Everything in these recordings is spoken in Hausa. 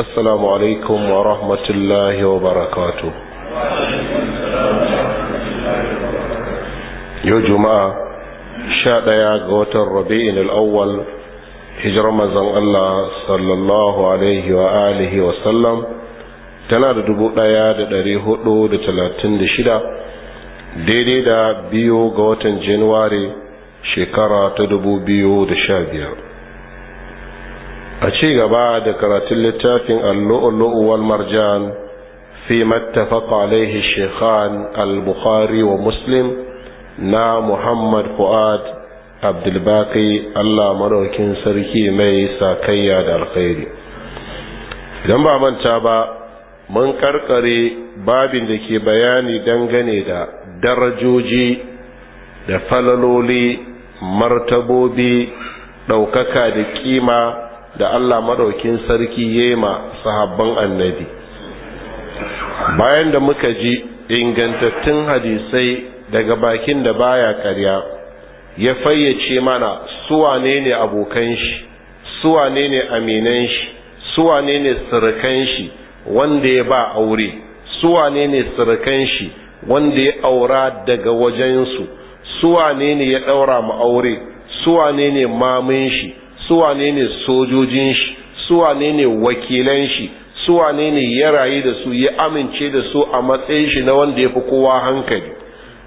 السلام عليكم ورحمة الله وبركاته يو جماعة شاد يا قوت الربيع الأول هجر مزن الله صلى الله عليه وآله وسلم tana da dubu ɗaya da ɗari hudu da talatin da shida daidai da biyu ga watan januwari shekara ta dubu biyu da sha biyar a ci gaba da karatun littafin allo'ullo'u wal marjan fi mattafaqa alaihi shekhan al-bukhari wa muslim na muhammad fu'ad abdulbaki allah maraukin sarki mai sakayya da alkhairi idan ba manta ba mun karkare babin da ke bayani dangane da darajoji da falaloli martabobi ɗaukaka da kima da Allah maɗaukin sarki yema sahabban annabi bayan da muka ji ingantattun hadisai daga bakin da baya ƙarya ya fayyace mana suwane ne abokan shi suwane ne aminan shi suwane ne surukan shi wanda ya ba aure suwane ne surukan shi wanda ya aura daga wajensu suwane ne ya daura mu aure suwane ne mamin shi su wane ne sojojin shi su wane ne wakilan shi su wane ne ya rayu da su ya amince da su a matsayin shi na wanda ya fi kowa hankali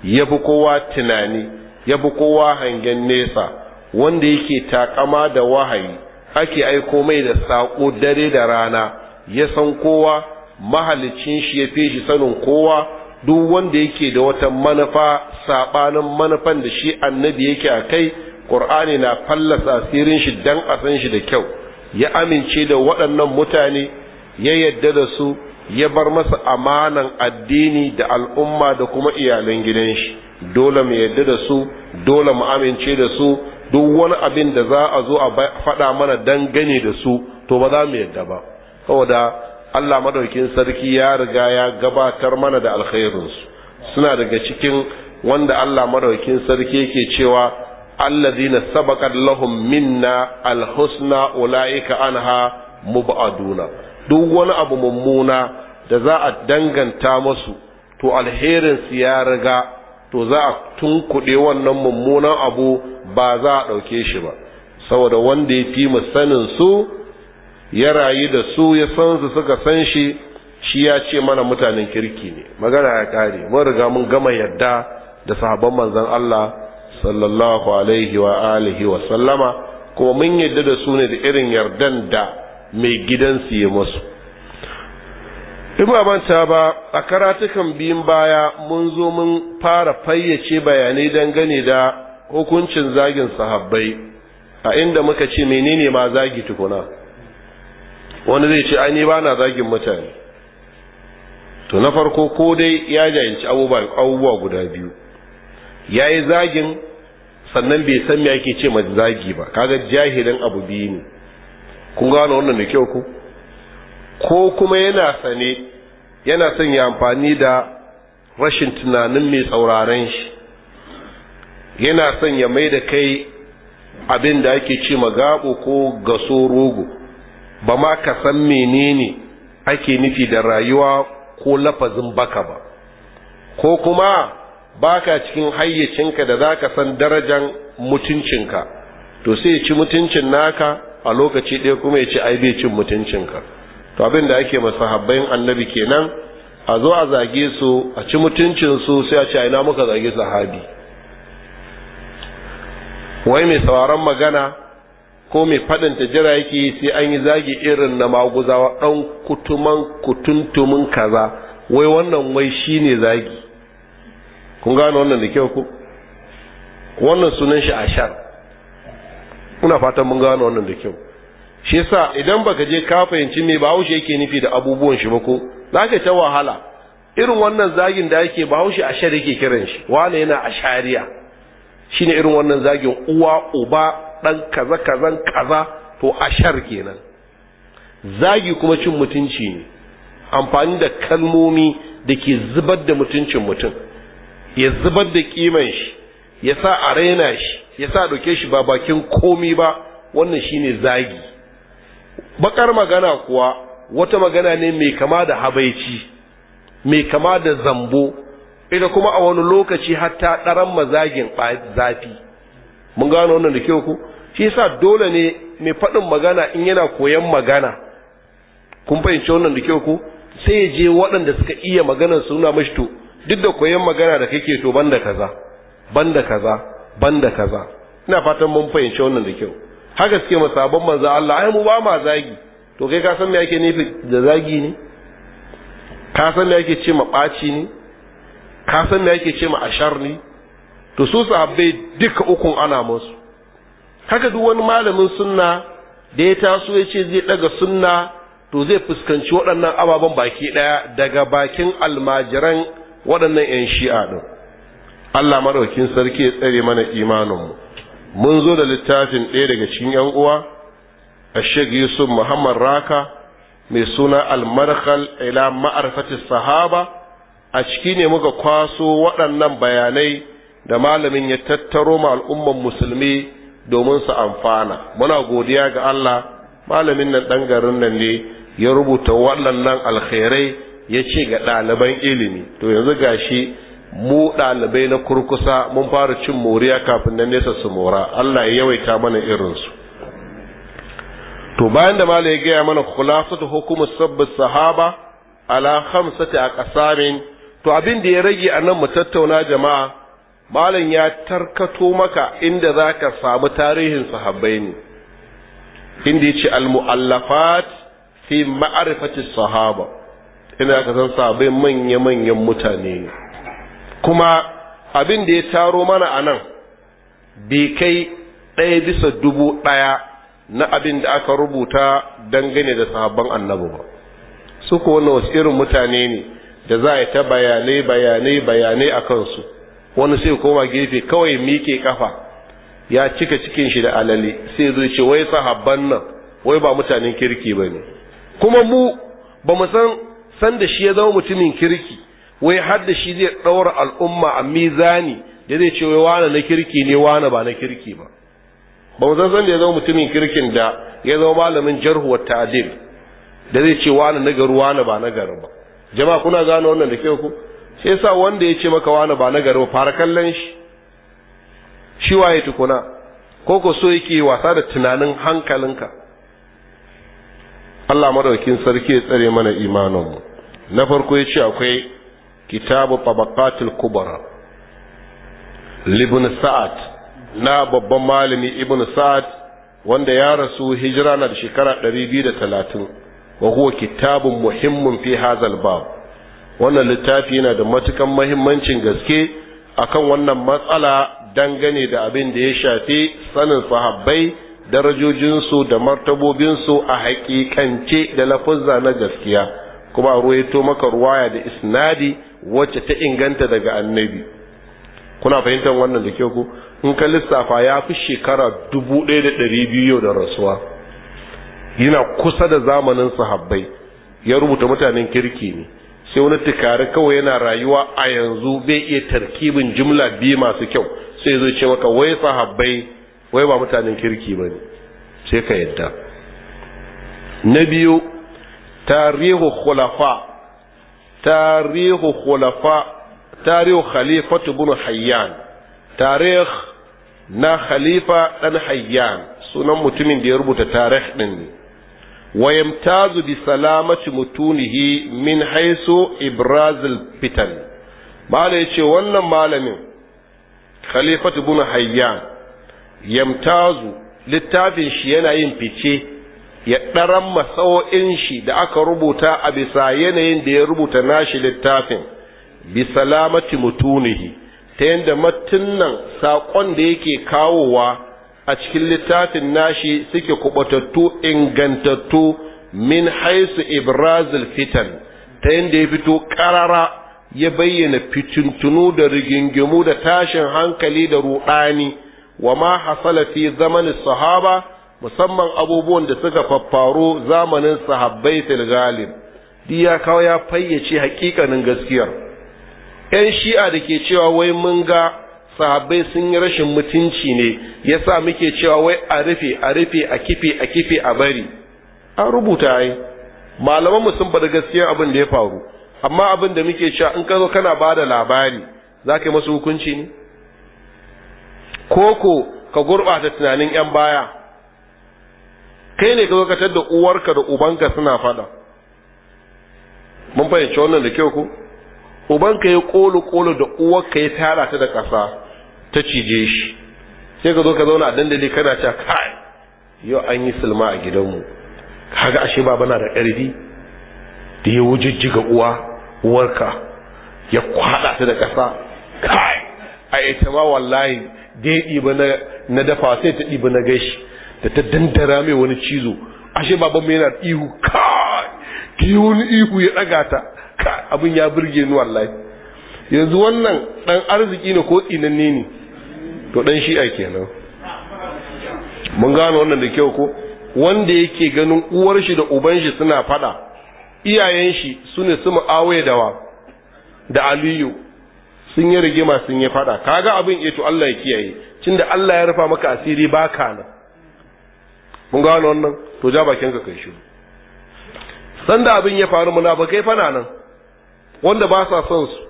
ya fi kowa tunani ya fi kowa hangen nesa wanda yake takama da wahayi ake aiko mai da saƙo dare da rana ya san kowa mahalicin shi ya fi shi sanin kowa duk wanda yake da wata manufa saɓanin manufan da shi annabi yake a kai qur'ani na fallasa asirin shi dan a san shi da kyau ya amince da waɗannan mutane ya yadda da su ya bar masa amanan addini da al'umma da kuma iyalan gidan shi dole mu yadda da su dole mu amince da su duk wani abin da za a zo a faɗa mana dangane da su to ba za mu yadda ba saboda Allah madaukin sarki ya riga ya gabatar mana da alkhairinsu suna daga cikin wanda Allah madaukin sarki yake cewa الذين sabaqat لهم منا alhusna ulaika anha مبعدون duk wani abu mummuna da za a danganta musu to alherin su ya riga to za a tunkuɗe wannan mummunan abu ba za a ɗauke shi ba saboda wanda ya fi mu sanin su ya rayu da su ya san su suka san shi shi ya ce mana mutanen kirki ne magana ya ƙare mun riga mun gama yadda da sahabban manzon Allah sallallahu alaihi wa alihi wa sallama kuma mun yarda da su ne da irin yardan da mai gidansu ya masu in ba manta ba a karatukan biyun baya mun zo mun fara fayyace bayanai dangane da hukuncin zagin sahabbai a inda muka ce menene ma zagi tukuna wani zai ce ai ba na zagin mutane to na farko ko dai ya jayanci abubuwa guda biyu ya yi zagin sannan bai san me ake ce ma zagi ba kaga jahilin abu biyu ne kun gano wannan da kyau ku ko kuma yana sane yana son ya amfani da rashin tunanin mai sauraren shi yana son ya mai da kai abin da ake ce gabo ko gaso rogo ba ma ka san menene ake nufi da rayuwa ko lafazin baka ba ko kuma baka cikin hayyacinka da zaka san darajan mutuncinka to sai ya ci mutuncin naka a lokaci ɗaya kuma ya ci ai bai cin mutuncinka to abin da ake masa annabi kenan a zo a zage su a ci mutuncin su sai a ce ina muka zage sahabi wai mai sauraron magana ko mai faɗin jira yake sai an yi zagi irin na maguzawa ɗan kutuman kutuntumin kaza wai wannan wai shine zagi kun gane wannan da kyau ku wannan sunan shi ashar muna fatan mun gane wannan da kyau shi yasa idan baka je ka fahimci me bahaushe yake nufi da abubuwan shi ba ko zaka ta wahala irin wannan zagin da yake bahaushe ashar yake kiran shi wane yana ashariya shine irin wannan zagin uwa uba dan kaza kazan kaza to ashar kenan zagi kuma cin mutunci ne amfani da kalmomi da ke zubar da mutuncin mutum ya zubar da kiman shi ya sa a raina shi ya sa ɗauke shi ba bakin komi ba wannan shine zagi bakar magana kuwa wata magana ne mai kama da habaici mai kama da zambo ita kuma a wani lokaci hatta ɗaran mazagin zafi mun gano wannan da kyau ku shi sa dole ne mai faɗin magana in yana koyan magana kun fahimci wannan da kyau ku sai ya je waɗanda suka iya maganar su nuna mashi to duk da koyon magana da kake to banda kaza banda kaza banda kaza ina fatan mun fahimci wannan da kyau haka suke mu sabon manzo Allah ai mu ba ma zagi to kai ka san me ake nufi da zagi ne ka san me ake ce ma ɓaci ne ka san me ake ce ma ashar ne to su sahabbai duka ukun ana musu haka duk wani malamin sunna da ya taso ya ce zai daga sunna to zai fuskanci waɗannan ababen baki ɗaya daga bakin almajiran waɗannan 'yan shi'a ɗin allah maraukin sarki ya tsare mana imaninmu mun zo da littafin ɗaya daga cikin 'yan uwa a yusuf muhammad raka mai suna almarkal ila ma'arfati sahaba a ciki ne muka kwaso waɗannan bayanai da malamin ya tattaro ma al'umman musulmi domin su amfana muna godiya ga allah malamin nan ɗan garin nan ne ya rubuta waɗannan alkhairai ya ce ga ɗaliban ilimi to yanzu gashi mu ɗalibai na kurkusa mun fara cin moriya kafin na nesa su mora Allah ya yawaita mana irinsu to bayan da mala ya gaya mana ta hukumu sabbin sahaba ala khamsati a ƙasamin to abin da ya rage a nan mu tattauna jama'a malam ya tarkato maka inda za ka samu tarihin sahabbai ne inda ya ce al-mu'allafat fi ma'arifatis sahaba Ina ka san sabai manya-manyan mutane ne kuma abin da ya taro mana a nan bai kai ɗaya bisa dubu ɗaya na abin da aka rubuta dangane da sahabban annabu ba su ko wani wasu irin mutane ne da za a yi ta bayanai bayanai bayanai a kansu wani sai koma gefe kawai miƙe kafa ya cika cikin shi da alali sai zai ce wai sahabban nan wai ba mutanen kirki ba ne kuma mu ba san sanda shi ya zama mutumin kirki wai har da shi zai ɗaura al'umma a mizani da zai ce wai wane na kirki ne wane ba na kirki ba ba mu san sanda ya zama mutumin kirkin da ya zama malamin jarhu wa ta'dil da zai ce wane na garu wane ba na garu ba jama'a kuna gano wannan da ke ku sai yasa wanda ya ce maka wane ba na garu ba fara kallon shi shi waye tukuna ko ko so yake wasa da tunanin hankalinka Allah madaukin sarki ya tsare mana imaninmu na farko ya ce akwai kitabu tabaqatul kubra libn sa'ad na babban malami ibn sa'ad wanda ya rasu hijira na da shekara 230 wa huwa kitabun muhimmin fi hazal bab wannan littafi yana da matukan muhimmancin gaske akan wannan matsala dangane da abin da ya shafi sanin sahabbai darajojinsu da martabobinsu a haƙiƙance da lafuzza na gaskiya kuma a ruwaito maka ruwaya da isnadi wacce ta inganta daga annabi kuna fahimtar wannan da kyau ku in ka lissafa ya fi shekara dubu ɗaya da ɗari biyu da rasuwa yana kusa da zamanin sahabbai ya rubuta mutanen kirki ne sai wani tukari kawai yana rayuwa a yanzu bai iya tarkibin jumla biyu masu kyau sai zai ce maka wai sahabbai wai ba mutanen kirki ba ne sai ka yadda na biyu tarihu khulafa tarihu khulafa tarihu khalifatu bin hayyan tarih na khalifa dan hayyan sunan mutumin da ya rubuta tarih din ne ويمتاز بسلامة min من حيث إبراز fitan malai ce wannan malamin. khalifa بن hayyan. yamtazu littafin shi yana yin fice ya ɗaran masawo'in shi da aka rubuta a bisa yanayin da ya rubuta nashi littafin bi salamati mutunihi ta yadda matunnan saƙon da yake kawowa a cikin littafin nashi suke kubatattu ingantattu min haisu ibrazil fitan ta yadda ya fito ƙarara ya bayyana fitintunu da rigingimu da tashin hankali da ruɗani wa ma hasala fi zamanin sahaba musamman abubuwan da suka fafaru zamanin sahabbai fil galib duk ya kawo ya fayyace haƙiƙanin gaskiyar yan shi'a da ke cewa wai mun ga sahabbai sun yi rashin mutunci ne yasa muke cewa wai a rufe a rufe a kife a kife a bari an rubuta ai malaman mu sun bada gaskiyar abin da ya faru amma abin da muke cewa in ka zo kana bada labari za ka yi masu hukunci ne koko ka gurɓata tunanin 'yan baya kai ne ka zakatar da uwarka da ubanka suna fada mun fahimci wannan da kyau ko ubanka ya kolo kolo da uwarka ya tara ta da ƙasa ta cije shi sai ka zo ka zauna a dandali kana cewa kai yau an yi silma a gidanmu kaga ashe ba bana da ƙarfi da ya wujijjiga uwa uwarka ya kwaɗa ta da ƙasa kai a ita ma wallahi da ya ɗiba na dafa sai ta ɗiba na gashi da ta dandara mai wani cizo ashe baban mai yana ihu kai ki wani ihu ya ɗaga ta abin ya burge ni wallahi yanzu wannan ɗan arziki ne ko tsinanne ne to ɗan shi'a kenan mun gano wannan da kyau ko wanda yake ganin uwar shi da uban shi suna faɗa iyayen shi su ne su mu'awaye dawa da aliyu sun yi rigima sun yi fada kaga abin eh Allah ya kiyaye tunda Allah ya rufa maka asiri baka nan mun gano wannan to ja bakin ka kai shi sanda abin ya faru kai fana nan wanda ba sa son su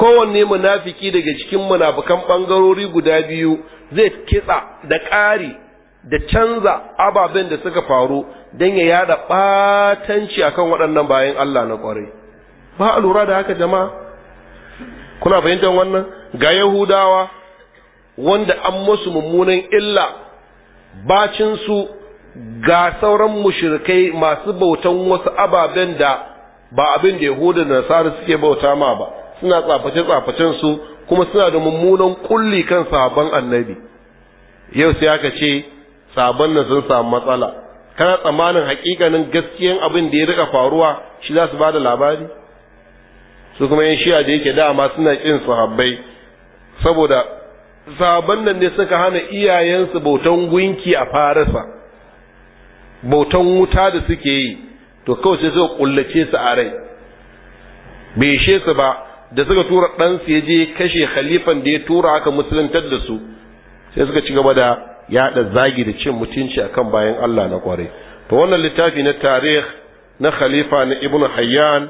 kowanne munafiki daga cikin munafukan bangarori guda biyu zai kitsa da ƙari da canza ababen da suka faru don ya yada ɓatanci akan waɗannan bayan Allah na ƙwarai ba a lura da haka jama'a kuna fahimtar wannan ga yahudawa wanda an musu mummunan illa bacinsu ga sauran mushrikai masu bautan wasu ababen da ba abin da yahuda da nasara suke bauta ma ba suna tsaface-tsafacen su kuma suna da mummunan kulli kan sabon annabi yau sai aka ce sabon nan sun samu matsala kana tsammanin hakikanin gaskiyan abin da ya rika faruwa shi za su ba da labari su kuma yin shi'a da yake dama suna kin sahabbai saboda sahabban nan ne suka hana iyayensu bautan gunki a farisa bautan wuta da suke yi to kawai sai suka kullace su a rai bai ishe su ba da suka tura ɗansu ya je kashe khalifan da ya tura aka musulantar da su sai suka ci gaba da yaɗa zagi da cin mutunci akan bayan Allah na kwarai to wannan littafi na tarih na khalifa na ibnu hayyan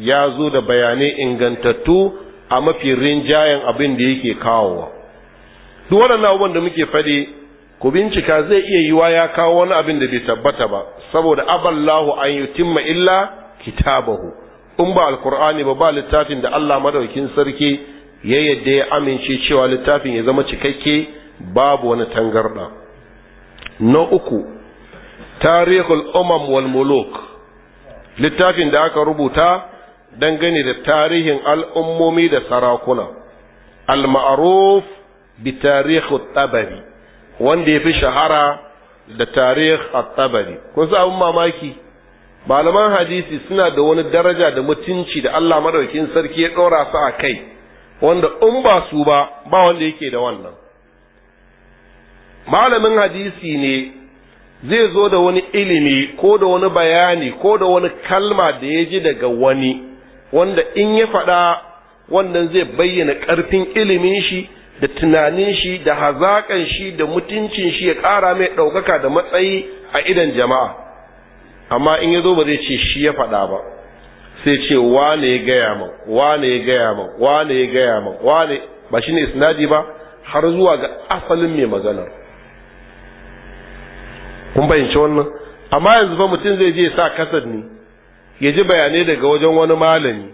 ya zo da bayanai ingantattu a mafi rinjayen abin da yake kawowa duk waɗannan abubuwan da muke faɗi ku bincika zai iya yiwa ya kawo wani abin da bai tabbata ba saboda aballahu an yutimma illa kitabahu in ba alkur'ani ba ba littafin da Allah madaukin sarki ya yadda ya amince cewa littafin ya zama cikakke babu wani tangarda na uku tarihul umam wal muluk littafin da aka rubuta dangane da tarihin al'ummomi da sarakuna al-ma'ruf bi tarihi tabari wanda ya fi shahara da tarihi tabari kun sa abin mamaki malaman hadisi suna da wani daraja da mutunci da Allah madaukin sarki ya dora su a kai wanda in ba su ba ba wanda yake da wannan malamin hadisi ne zai zo da wani ilimi ko da wani bayani ko da wani kalma da ya ji daga wani wanda in ya faɗa wannan zai bayyana ƙarfin ilimin shi da tunanin shi da hazaƙan shi da mutuncin shi ya ƙara mai ɗaukaka da matsayi a idan jama'a amma in ya zo ba zai ce shi ya faɗa ba sai ce wane ya gaya min wane ya gaya min wane ya gaya min wane ba shi ne sinadi ba har zuwa ga asalin mai maganar kun fahimci wannan amma yanzu fa mutum zai je sa kasar ne ya ji bayanai daga wajen wani malami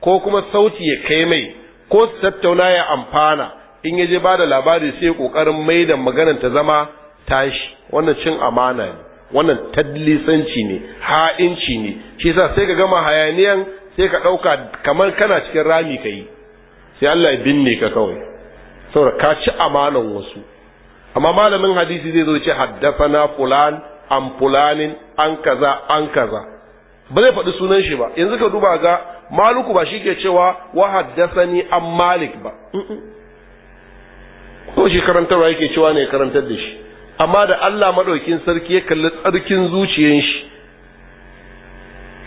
ko kuma sauti ya kai mai ko su tattauna ya amfana in ya je ba da labari sai ya ƙoƙarin mai da maganar ta zama tashi wannan cin amana ne wannan tadlisanci ne ha'inci ne shi yasa sai ka gama hayaniyan sai ka ɗauka kamar kana cikin rami ka yi sai Allah ya binne ka kawai saboda ka ci amanan wasu amma malamin hadisi zai zo ce na fulan an fulanin an kaza an kaza ba zai faɗi sunan shi ba yanzu ka duba ga maluku ba shi ke cewa wa ni an malik ba ko shi karantarwa yake cewa ne karantar da shi amma da Allah maɗaukin sarki ya kalli tsarkin zuciyar shi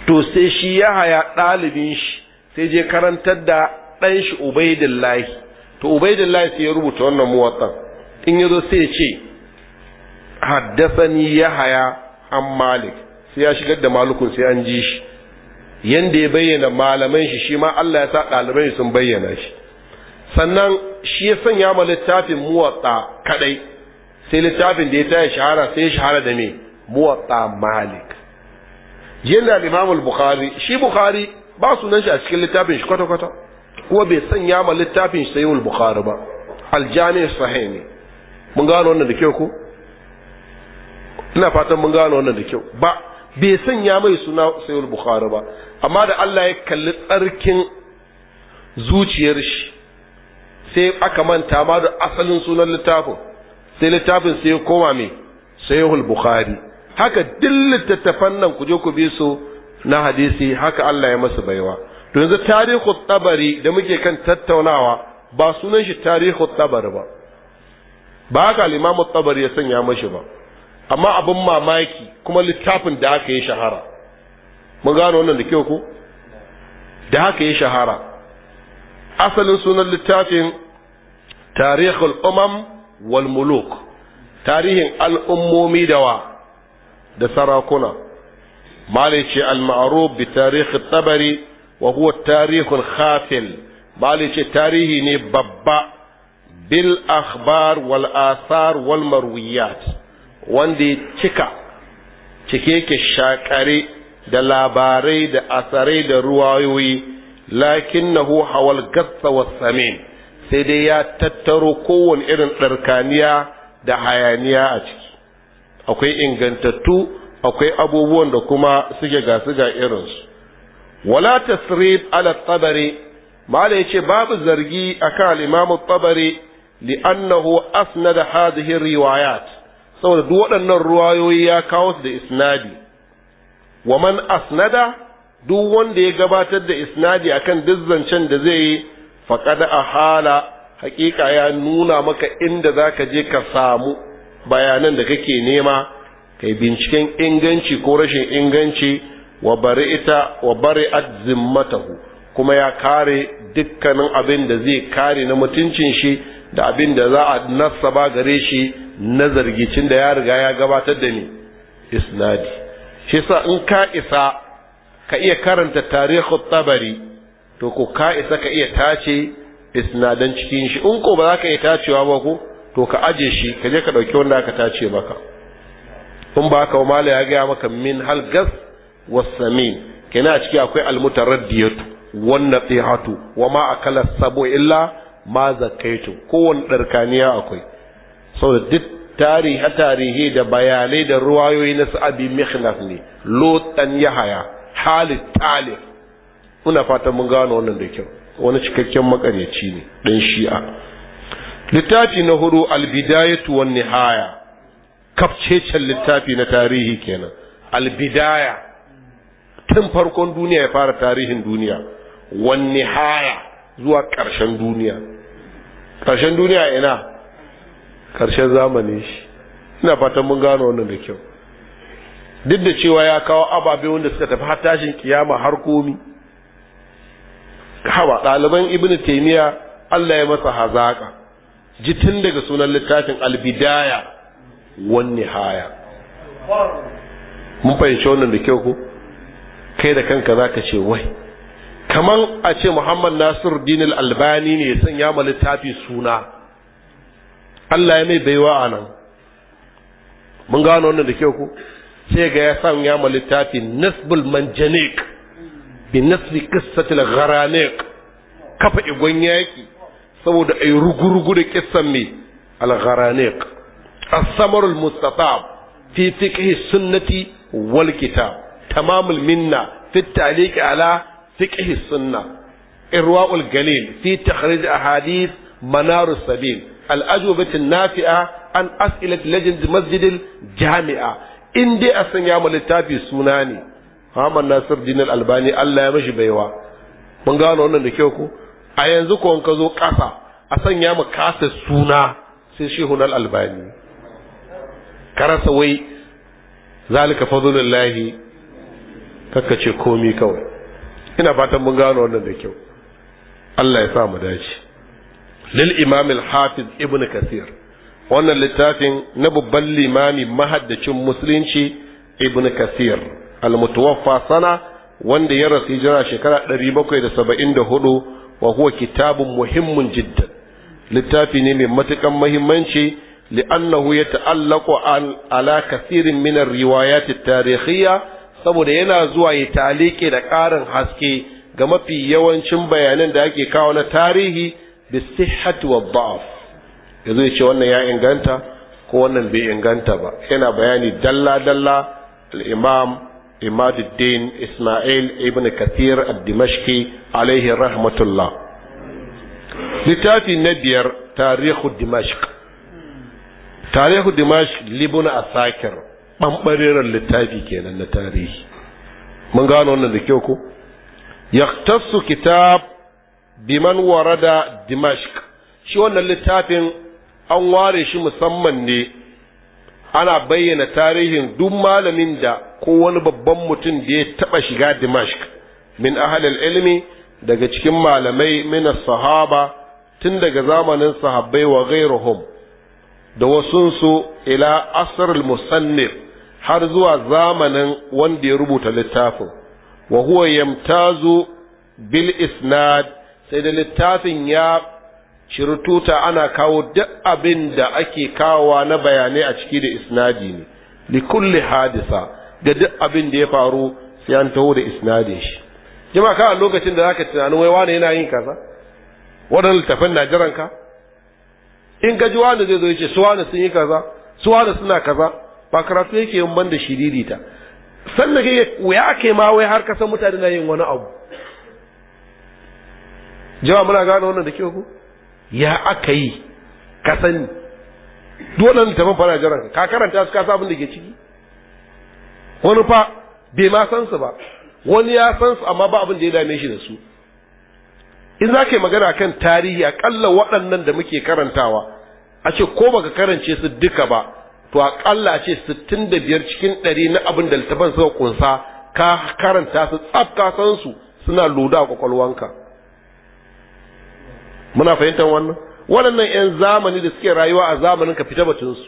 to sai shi ya haya ɗalibin shi sai je karantar da ɗan shi ubaidillahi to ubaidillahi sai ya rubuta wannan muwatsan in ya zo sai ce ce haddasani ya haya an malik sai ya shigar da malukun sai an ji shi yanda ya bayyana malaman shi shi ma Allah ya sa ɗalibai sun bayyana shi sannan shi ya sanya ma littafin muwatta kadai sai littafin da ya ta shahara sai ya shahara da me muwatta malik yanda al-imam bukhari shi bukhari ba sunan shi a cikin littafin shi kwata kwata kuma bai sanya ma littafin shi sayyid bukhari ba aljami sahih ne mun gano wannan da kyau ko ina fatan mun gano wannan da kyau ba bai sanya mai suna sayul bukhari ba amma da Allah ya kalli tsarkin zuciyar shi sai aka manta ma da asalin sunan littafin sai littafin sai ya koma mai sayul bukhari haka duk littattafan nan ku je ku bi su na hadisi haka Allah ya masa baiwa to yanzu tarihu tabari da muke kan tattaunawa ba sunan shi tarihu tabari ba ba haka al-imamu tabari ya sanya mashi ba amma abin mamaki kuma littafin da haka ya shahara mun gano wannan da kyau ko da haka ya shahara asalin sunan littafin tarihul umam wal muluk tarihin al'ummomi dawa da sarakuna malice al-ma'ruf bi tarihi tabari wa huwa tarihul khafil malice tarihi ne babba bil akhbar wal athar wal marwiyat wanda ya cika cike yake shakare da labarai da asarai da ruwayoyi lakin lakinnahu hawal gatsa wasamin sai dai ya tattaro kowane irin tsarkaniya da hayaniya a ciki akwai ingantattu akwai abubuwan da kuma suke ga ga irinsu wala tasrib ala tabari mala yace babu zargi akan al-imam tabari annahu asnada hadhihi riwayat saboda duk waɗannan ruwayoyi ya kawo su da isnadi wa man asnada duk wanda ya gabatar da isnadi akan duk zancen da zai yi a ahala hakika ya nuna maka inda za ka je ka samu bayanan da kake nema kai binciken inganci ko rashin inganci wa bari'ita wa bari'at zimmatahu kuma ya kare dukkanin abin da zai kare na mutuncin shi da abin da za a nasaba gare shi na zargicin da ya riga ya gabatar da ni isnadi shi sa in ka isa ka iya karanta tarihin tabari to ko ka isa ka iya tace isnadan cikin shi in ko ba za ka iya tacewa ba ko to ka aje shi ka je ka ɗauki wanda ka tace maka in ba ka mala ya gaya maka min hal gas wasami kenan a ciki akwai almutaraddiyatu wannan tsihatu wa ma akala sabo illa ma zakaitu kowane ɗarkaniya akwai saboda duk tarihi tarihi da bayanai da ruwayoyi na sa'abi mikhlaf ne lotan yahaya halit talib muna fatan mun gano wannan da kyau wani cikakken makaryaci ne ɗan shi'a littafi na hudu albidayatu wan nihaya kafcecen littafi na tarihi kenan albidaya tun farkon duniya ya fara tarihin duniya wan nihaya zuwa ƙarshen duniya ƙarshen duniya ina Karshen zamani shi ina fatan mun gano wannan da kyau duk da cewa ya kawo ababe wanda suka tafi har tashin kiyama har komi hawa ɗaliban ibn taimiya Allah ya masa hazaka tun daga sunan littafin albidaya wan nihaya mun fahimci wannan da kyau ko kai da kanka zaka ce wai Kamar a ce Muhammad Nasiru Dinil Albani ne ya sanya wa littafi suna Allah ya mai baiwa a nan mun gano wannan da kyau ku sai ga ya san ya ma littafi nasbul manjanik bi nasbi qissatil gharanik kafa igon yaki saboda ai rugurugu da kissan me al gharanik as-samarul mustatab fi fiqh sunnati wal kitab tamamul minna fi at-ta'liq ala fiqh sunnah irwaul galil fi takhrij ahadith manarus sabil al'ajobatin nafi'a an as'ilat legend masjidil jami'a in dai a sanya mu littafi suna ne Muhammad Nasir Dinar Albani Allah ya mashi baiwa mun gano wannan da kyau ko a yanzu ko ka zo kasa a sanya mu kasa suna sai Shehu Albani karasa wai zalika fadlullahi kakkace komi kawai ina fatan mun gano wannan da kyau Allah ya sa mu dace lil imam hafiz ibn kasir wannan littafin na babban limami mahaddacin musulunci ibn kasir al-mutawaffa sana wanda ya rasu hijira shekara 774 wa huwa kitabun muhimmin jidda. littafi ne mai matukan muhimmanci li'annahu yata'allaqu ala kathirin min ar-riwayat at saboda yana zuwa ya talike da ƙarin haske ga mafi yawancin bayanan da ake kawo na tarihi bisihhati wa da'af yazo ya ce wannan ya inganta ko wannan bai inganta ba yana bayani dalla dalla al-imam imaduddin isma'il ibn kathir ad-dimashqi alaihi rahmatullah littafi na biyar tarihu dimashq tarihu dimashq libun asakir littafi kenan na tarihi mun gano wannan da kyau ko yaktasu kitab biman warada dimashq shi wannan littafin an ware shi musamman ne ana bayyana tarihin duk malamin da ko wani babban mutum da ya taba shiga dimashq min ahalil ilmi daga cikin malamai min sahaba tun daga zamanin sahabbai wa ghairuhum da wasunsu ila asr musannif har zuwa zamanin wanda ya rubuta littafin wa huwa yamtazu bil isnad sai da littafin ya shirtuta ana kawo duk abin da ake kawowa na bayanai a ciki da isnadi ne li kulli hadisa ga duk abin da ya faru sai an taho da isnadin shi jima ka lokacin da zaka tunanin wai wani yana yin kaza wadannan littafin na jiran ka in ka ji wani zai zo ya ce su wani sun yi kaza su wani suna kaza ba karatu yake yin banda shiririta sannan ya ke kai ma wai har ka san mutane na yin wani abu jama muna gane wannan da kyau ku ya aka yi ka sani dole ta ban fara jiran ka karanta su ka sa abin da ke ciki wani fa bai ma san su ba wani ya san su amma ba abin da ya dame shi da su in za ka yi magana kan tarihi aƙalla waɗannan da muke karantawa a ce ko baka karance su duka ba to aƙalla a ce sittin da biyar cikin ɗari na abin da littafan suka kunsa ka karanta su tsaf ka san su suna loda a kwakwalwanka muna fahimtar wannan waɗannan 'yan zamani da suke rayuwa a zamanin ka fita batunsu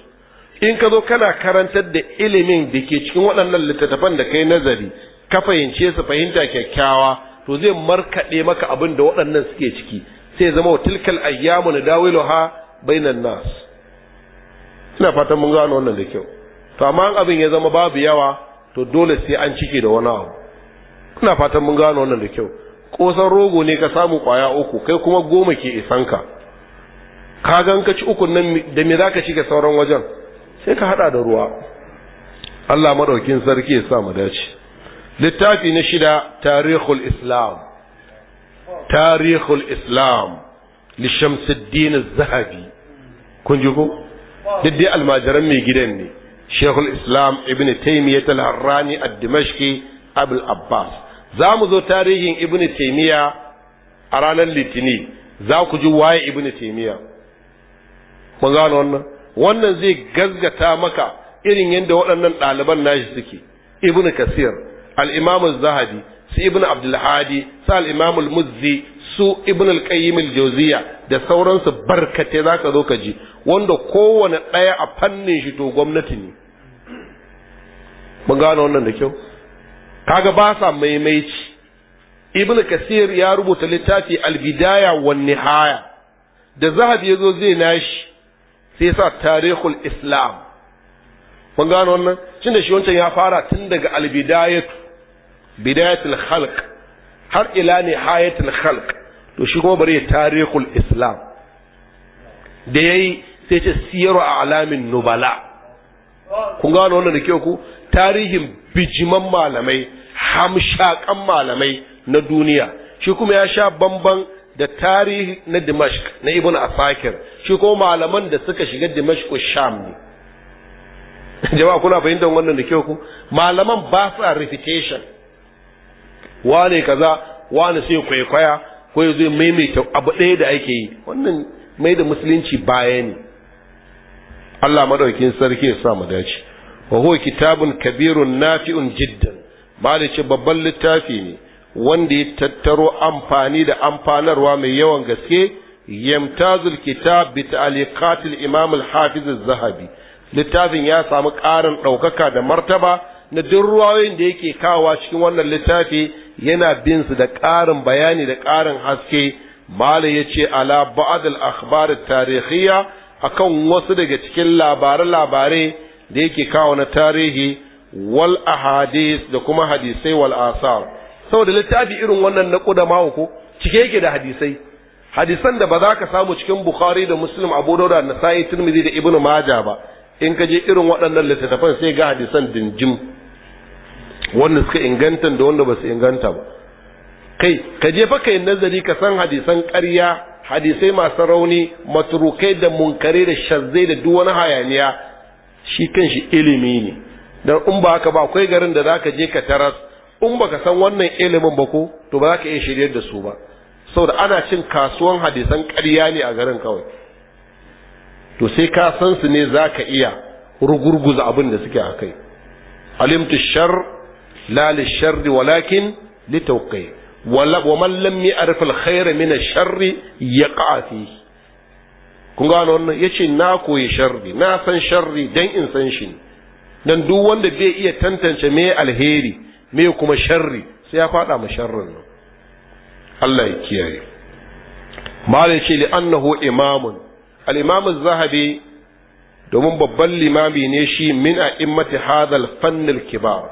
in ka zo kana karantar da ilimin da ke cikin waɗannan littattafan da kai nazari ka fahimce su fahimta kyakkyawa to zai markaɗe maka abin da waɗannan suke ciki sai zama wa tilkal ayyamu na ha bainan nas ina fatan mun gano wannan da kyau to amma abin ya zama babu yawa to dole sai an cike da wani abu ina fatan mun gano wannan da kyau kosan rogo ne ka samu kwaya uku kai kuma goma ke isanka ka gan ka ci uku nan da me zaka ci ga sauran wajen sai ka hada da ruwa Allah madaukin sarki ya sa mu dace littafi na shida tarihul islam tarihul islam li shamsuddin az-zahabi kun ji ko duk almajiran mai gidan ne shaykhul islam ibn taymiyyah al-harrani ad-dimashqi abul abbas za mu zo tarihin ibn taimiya a ranar litini za ku ji waye ibn taimiya mun gano wannan wannan zai gazgata maka irin yadda waɗannan ɗaliban nashi suke ibn kasir al-imam zahabi su ibn abdul hadi su al-imam muzzi su ibn al-qayyim al-jawziya da sauransu barkate zaka zo ka ji wanda kowane ɗaya a fannin shi to gwamnati ne mun gano wannan da kyau kaga ba sa maimaici ibn kasir ya rubuta littafi albidaya wan nihaya da zahab yazo zai nashi sai sa tarihul islam kun gano wannan cin da shi wancan ya fara tun daga albidayatu bidayatul khalq har ila nihayatul khalq to shi kuma bari tarihul islam da yayi sai ce siyaru a alamin nubala kun gano wannan da kyau ku tarihin bijiman malamai hamshakan malamai na duniya shi kuma ya sha bamban da tarihi na dimashq na ibn asakir shi kuma malaman da suka shiga dimashq sham ne jama'a kuna fahimtar wannan da kyau ku malaman ba a reputation wane kaza wane sai kwaikwaya ko ya maimaita abu ɗaya da ake yi wannan mai da musulunci baya ne Allah madaukin sarki ya sa mu dace wa huwa kitabun kabirun nafi'un jiddan malai ce babban littafi ne wanda ya tattaro amfani da amfanarwa mai yawan gaske yamtazul kitab bi ta'liqatil imam al-hafiz az-zahabi littafin ya samu ƙarin ɗaukaka da martaba na duk ruwayoyin da yake kawa cikin wannan littafi yana bin su da ƙarin bayani da ƙarin haske malai ya ce ala ba'd al-akhbar at-tarihiyya akan wasu daga cikin labare-labare da yake kawo na tarihi wal ahadis da kuma hadisai wal asar saboda littafi irin wannan na kudama ko cike yake da hadisai hadisan da ba za ka samu cikin bukhari da muslim abu dauda sa'i tirmidhi da ibnu maja ba in ka je irin waɗannan littattafan sai ga hadisan dinjim wanda suka inganta da wanda ba su inganta ba kai ka je fa kai nazari ka san hadisan ƙarya hadisai masu rauni maturukai da munkare da shazzai da duk wani hayaniya shi kan shi ilimi ne dan in ba haka ba akwai garin da zaka je ka taras in baka san wannan ilimin ba ko to ba za ka iya shiryar da su ba saboda ana cin kasuwan hadisan ƙarya ne a garin kawai to sai ka san su ne za ka iya rugurguza abin da suke a kai alimtu shar la sharri walakin litaukai wa man lam ya'rif al khayra min ash-sharri yaqa fihi kun wani wannan yace na koyi sharri na san sharri dan in san shi dan duk wanda bai iya tantance me alheri me kuma sharri sai ya fada ma sharrin nan Allah ya kiyaye malai ce li annahu imamun al-imam az-zahabi domin babban limami ne shi min a'immati hadal fannil kibar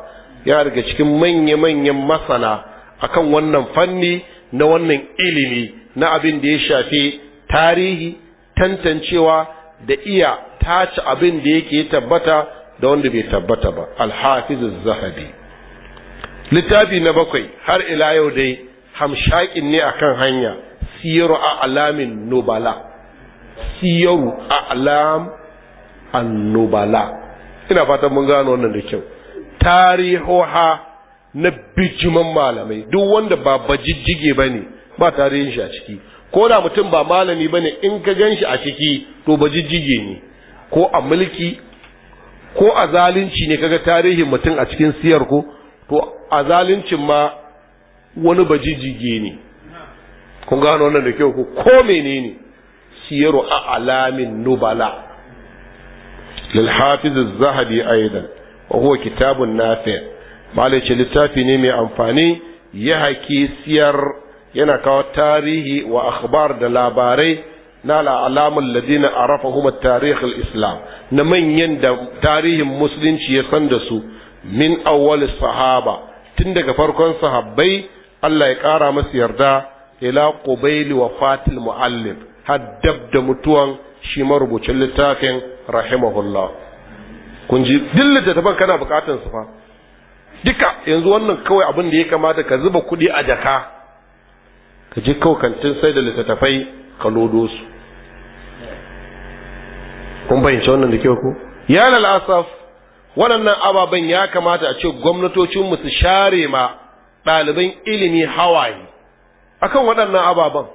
ya daga cikin manya-manyan masana akan wannan fanni na wannan ilimi na abin da ya shafi tarihi tantancewa da iya tace abin da yake tabbata da wanda bai tabbata ba al-hafiz zahabi littafi na bakwai har ila yau dai hamshakin ne akan hanya siyaru a alamin nubala siyaru alam annubala ina fatan mun gano wannan da kyau tarihoha na bijiman malamai duk wanda ba bajijjige ba ne ba tarihin shi a ciki ko da mutum ba malami bane in ka gan shi a ciki to ba jijjige ne ko a mulki ko a zalunci ne kaga tarihin mutum a cikin siyar ko to a zaluncin ma wani ba jijjige ne kun gano wannan da kyau ko ko menene siyaru a alamin nubala lil hafiz az-zahabi aidan wa huwa kitabun nafi' malai ce littafi ne mai amfani ya haki siyar yana kawo tarihi wa akhbar da labarai na al'alamun ladina arafa kuma tarihul islam na manyan da tarihin musulunci ya san da su min awwal sahaba tun daga farkon sahabbai Allah ya ƙara masu yarda ila qubayl wa fatil Har haddab da mutuwan shi marubucin littafin rahimahullah kun ji duk littattafan kana bukatan su fa duka yanzu wannan kawai abin da ya kamata ka zuba kuɗi a jaka ka je kawai kantin sai da littattafai ka lodo su kun bayyance wannan da kyau ko ya lalasaf waɗannan ababen ya kamata a ce gwamnatocinmu su share ma ɗaliban ilimi hawaye akan waɗannan ababen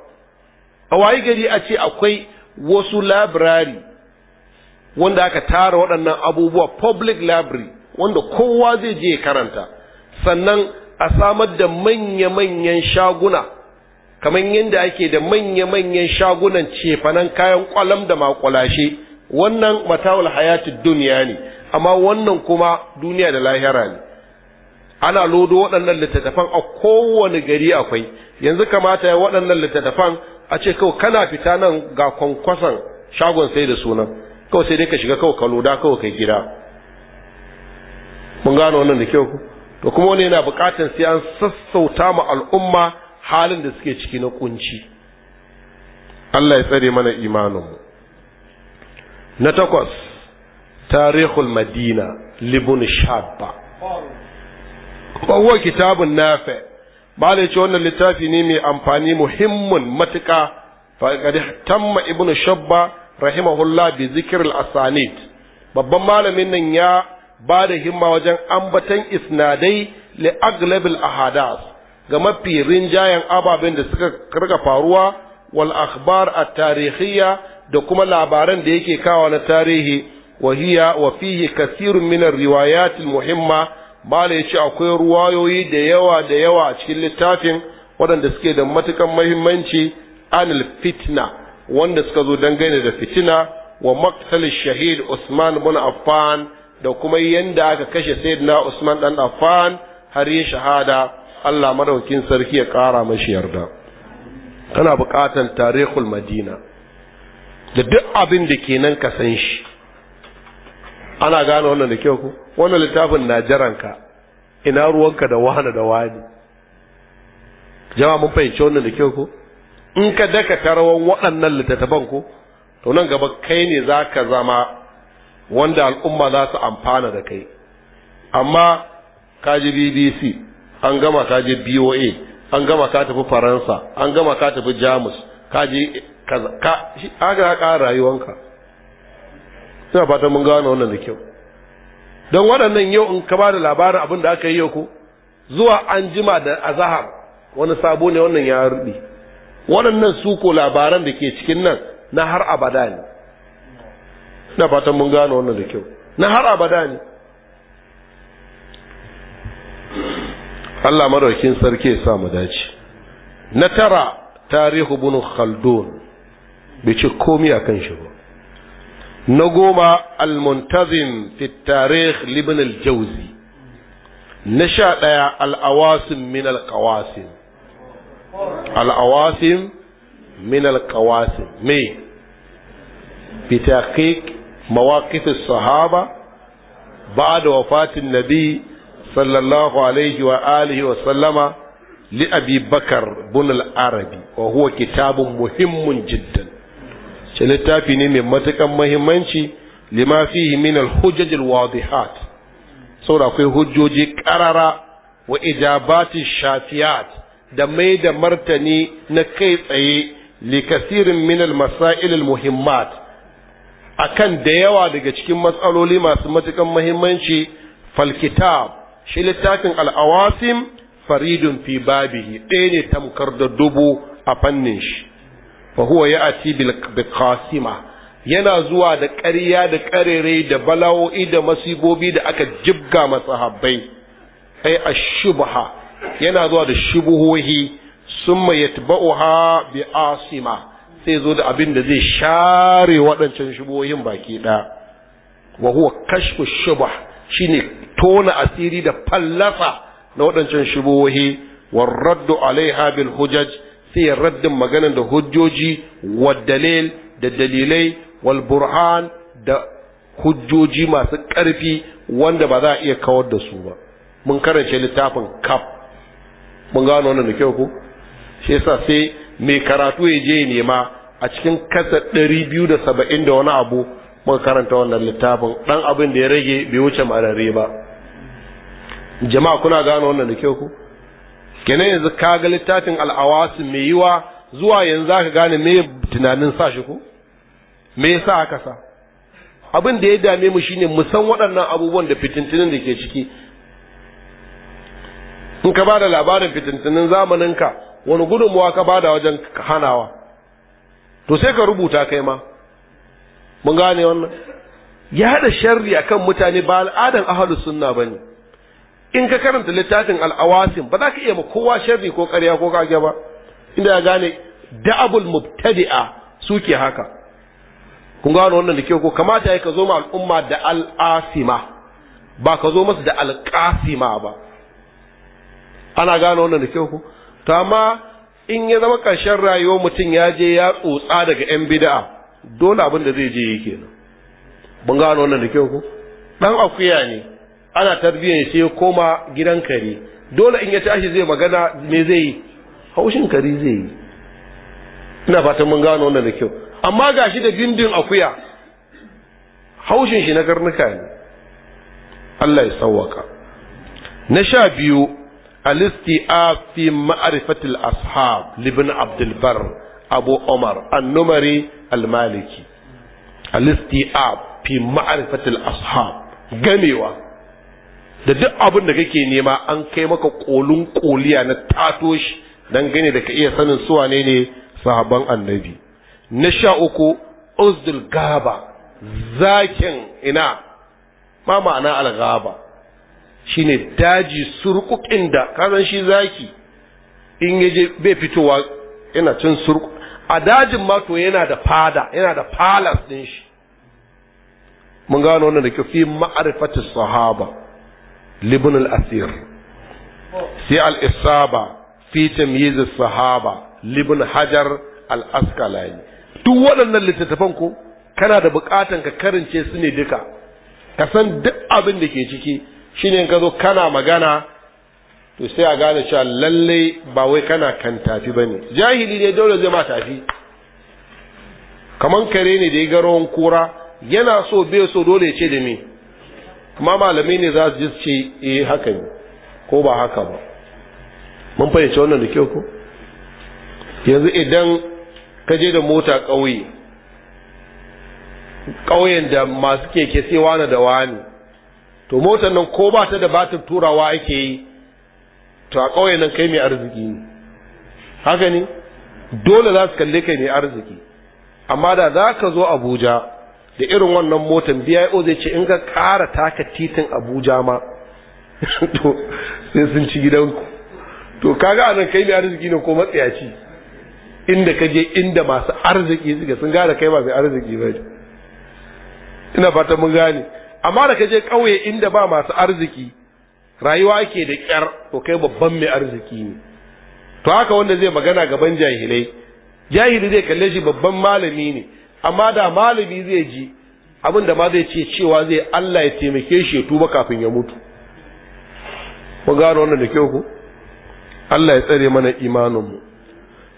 a wayi gari a ce akwai wasu labirari wanda aka tara waɗannan abubuwa public library wanda kowa zai je karanta sannan a samar da manya-manyan shaguna kamar yadda ake da manya-manyan shagunan cefanen kayan kwalam da makulashe wannan matawal hayatun duniya ne amma wannan kuma duniya da lahira ne ana lodo waɗannan littattafan a kowane gari akwai yanzu kamata ya waɗannan littattafan a ce kawai kana fita nan ga kwankwason shagon sai da sunan kawai sai dai ka shiga kawai ka loda kawai kai gida mun gano wannan da kyau to kuma wani yana buƙatar sai an sassauta ma al'umma halin da suke ciki na kunci Allah ya tsare mana mu. na takwas tarihul madina libun shabba bawa kitabun nafi da ce wannan littafi ne mai amfani muhimmin matuka, faƙaɗi tamma ibn shabba rahimahullah bi zikir al-asanid babban malamin nan ya ba da himma wajen ambatan isnadai li aglabil ahadas ga mafi rinjayen ababen da suka karga faruwa wal akhbar a tarihiyya da kuma labaran da yake kawa na tarihi wa hiya wa fihi kathirun min ar riwayat muhimma bala akwai ruwayoyi da yawa da yawa a cikin littafin waɗanda suke da matukan muhimmanci anil fitna wanda suka zo dangane da fitina wa maktal shahid Usman bin Affan da kuma yanda aka kashe Sayyidina Usman dan Affan har ya shahada Allah madaukin sarki ya ƙara mashi yarda kana buƙatan tarihul madina da duk abin da ke nan ka san shi ana gane wannan da kyau ku wannan littafin na jaranka ina ruwanka da wani da wani jama mun fahimci wannan da kyau ku in ka daka tarawan waɗannan littattafan ku to nan gaba kai ne za ka zama wanda al'umma za su amfana da kai amma kaji bbc an gama ka je BOA an gama ka tafi Faransa an gama ka tafi Jamus ka je kaza ka aga ka rayuwanka ina fata mun gano wannan da kyau don waɗannan yau in ka bada labarin abin da aka yi yau ko zuwa an jima da azahar wani sabo ne wannan ya rubi waɗannan su ko labaran da ke cikin nan na har abada ne ina fatan mun gano wannan da kyau na har abada ne Allah maraukin sarki ya sa mu dace na tara tarihu bin khaldun bai komi a kan shi ba na goma al-muntazim fi libin al-jauzi na sha ɗaya al-awasim min al-qawasim al-awasim min al-qawasim me fi taqiq mawaqif as-sahaba بعد وفاة sallallahu alaihi wa wa sallama li abi bakar bin al-arabi wa huwa kitabun muhimmun jiddan littafi ne mai matukan muhimmanci lima fihi min al-hujaj al-wadihat saboda akwai hujjoji karara wa ijabati shafiyat da mai da martani na kai tsaye li kasirin min al-masail muhimmat akan da yawa daga cikin matsaloli masu matukan muhimmanci fal kitab shi littafin al'awasim faridun fi babihi ɗaya ne tamkar da dubu a fannin shi fahuwa ya ati bilkasima yana zuwa da ƙarya da ƙarere da bala'o'i da masibobi da aka jibga habbai. ai ashubha yana zuwa da shubuhohi summa yatba'uha bi asima sai zo da abin da zai share waɗancan shubuhohin baki ɗaya wa huwa kashfu shubha shine tona asiri da fallasa na waɗancan shubuhohi raddu alaiha bil hujaj sai ya raddin maganan da hujjoji wa dalil da dalilai wal burhan da hujjoji masu ƙarfi wanda ba za a iya kawar da su ba mun karance littafin kaf mun gano wannan da kyau ko shi yasa sai mai karatu ya je nema a cikin kasa ɗari biyu da saba'in da wani abu muka karanta wannan littafin ɗan abin da ya rage bai wuce marare ba jama'a kuna gane wannan da kyau ku kenan yanzu ka ga littafin al'awasu mai yiwa zuwa yanzu ka gane me tunanin sa shi ko me yasa aka sa abin da ya dame mu shine mu san waɗannan abubuwan da fitintunin da ke ciki in ka bada labarin fitintunin zamaninka wani gudunmuwa ka bada wajen hanawa to sai ka rubuta kai ma mun gane wannan ya haɗa sharri akan mutane ba al'adan ahalus sunna bane in ka karanta littafin al'awasin ba za ka iya ma kowa sharri ko ƙarya ko kage ba inda ya gane da'abul mubtadi'a suke haka kun gano wannan da ke ko kamata ya ka zo ma al'umma da al'asima ba ka zo masu da alƙasima ba ana gano wannan da ke ko to amma in ya zama ƙarshen rayuwar mutum ya je ya tsotsa daga 'yan bida'a dole abin da zai je yake nan mun gano wannan da ke ko dan akuya ne ana tarbiyyar sai koma gidan kare dole in ya tashi zai magana me zai yi haushin kare zai yi ina fatan mun gano wannan da kyau amma gashi da bindin akuya haushin shi na karnuka ne Allah ya sawwaka na sha biyu الاستيعاب في معرفة الأصحاب لابن عبد البر أبو عمر النمري المالكي الاستيعاب في معرفة الأصحاب جميوة da duk abin da kake nema an kai maka kolin koliya na tatoshi, don dan gane da ka iya sanin su wane ne sahabban annabi na sha uku uzdul gaba zakin ina ma ma'ana algaba shine daji surkukin da kazan shi zaki in yaje bai fitowa yana cin surku a dajin ma to yana da fada yana da palace din shi mun gano wannan da kyau fi sahaba libn al-asir sai al-isaba fi tamyiz sahaba libin hajar al aska layi. duk waɗannan littattafan ko kana da buƙatan ka karance su ne duka ka san duk abin da ke ciki shine ka zo kana magana to sai a gane cewa lallai ba wai kana kan tafi bane jahili ne dole zai ma tafi Kamar kare ne da ya ga rawan kura yana so bai so dole ya ce da me Kuma malamai ne za su ji ce eh haka ne ko ba haka ba mun fahimci wannan da kyau ko yanzu idan ka je da mota ƙauye ƙauyen da masu keke sai wani da wani to motar nan ko ba ta da batin turawa ake yi to a ƙauyen nan kai mai arziki ne haka ne dole za su kalle kai mai arziki amma da za ka zo abuja da irin wannan motan bio zai ce in ga ƙara taka titin abuja ma to sai sun ci gidanku to kaga anan kai mai arziki ne ko matsayaci inda ka je inda masu arziki suka sun gane kai ba mai arziki ba ina fata mun gane amma da ka je ƙauye inda ba masu arziki rayuwa ke da ƙyar to kai babban mai arziki ne to haka wanda zai magana gaban jahilai jahili zai kalle shi babban malami ne amma da malami zai ji abin da ma zai ce cewa zai Allah ya taimake shi ya tuba kafin ya mutu ku gano wannan da kyau ku Allah ya tsare mana imanin mu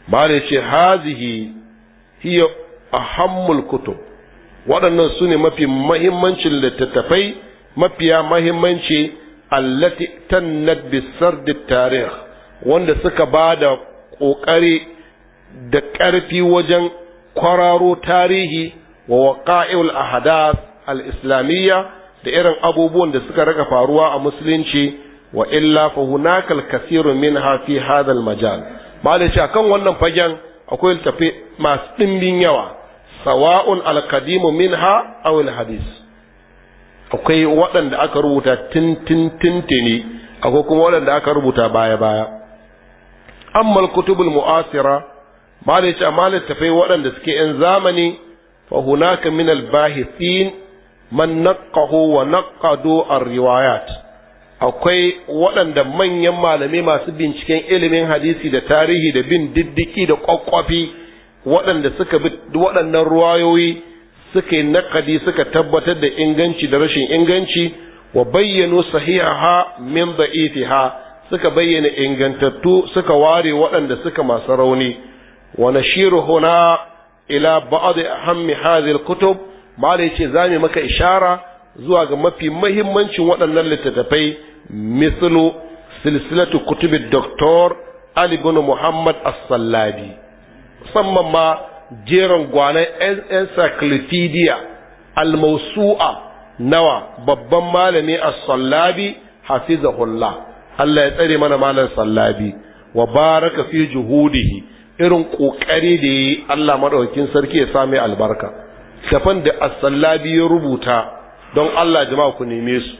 malai ce hazihi hiya ahammul kutub waɗannan su ne mafi mahimmancin littattafai mafiya mahimmanci allati tannat bi sardi tarih wanda suka ba da ƙoƙari da ƙarfi wajen kwararo tarihi wa waqa'i'ul ahadath al-islamiyya da irin abubuwan da suka raka faruwa a musulunci wa illa fa hunaka al-kathir minha fi hadha al-majal akan wannan fagen akwai littafi masu dimbin yawa sawa'un al-qadimu minha aw al-hadith akwai waɗanda aka rubuta tintintintini akwai kuma waɗanda aka rubuta baya baya amma al-kutubul mu'asira ba da ce amma littafai waɗanda suke yan zamani fa hunaka min al man naqqahu wa naqqadu ar riwayat akwai waɗanda manyan malamai masu binciken ilimin hadisi da tarihi da bin diddiki da ƙwaƙwafi waɗanda suka bi waɗannan ruwayoyi suka yi naƙadi suka tabbatar da inganci da rashin inganci wa bayyanu sahiha min da'ifiha suka bayyana ingantattu suka ware waɗanda suka masu rauni ونشير هنا إلى بعض أهم هذه الكتب ما ليش زامي مكا إشارة زواج ما في مهم منش وأنا لتتفي مثل سلسلة كتب الدكتور علي بن محمد الصلادي musamman ma jeron gwanan encyclopedia almausu'a nawa babban malami a sallabi hafizahullah Allah ya tsare mana malam sallabi wa baraka fi juhudihi irin kokari da yi Allah madaukakin sarki ya sami albarka shafan da as-sallabi ya rubuta don Allah jama'a ku neme su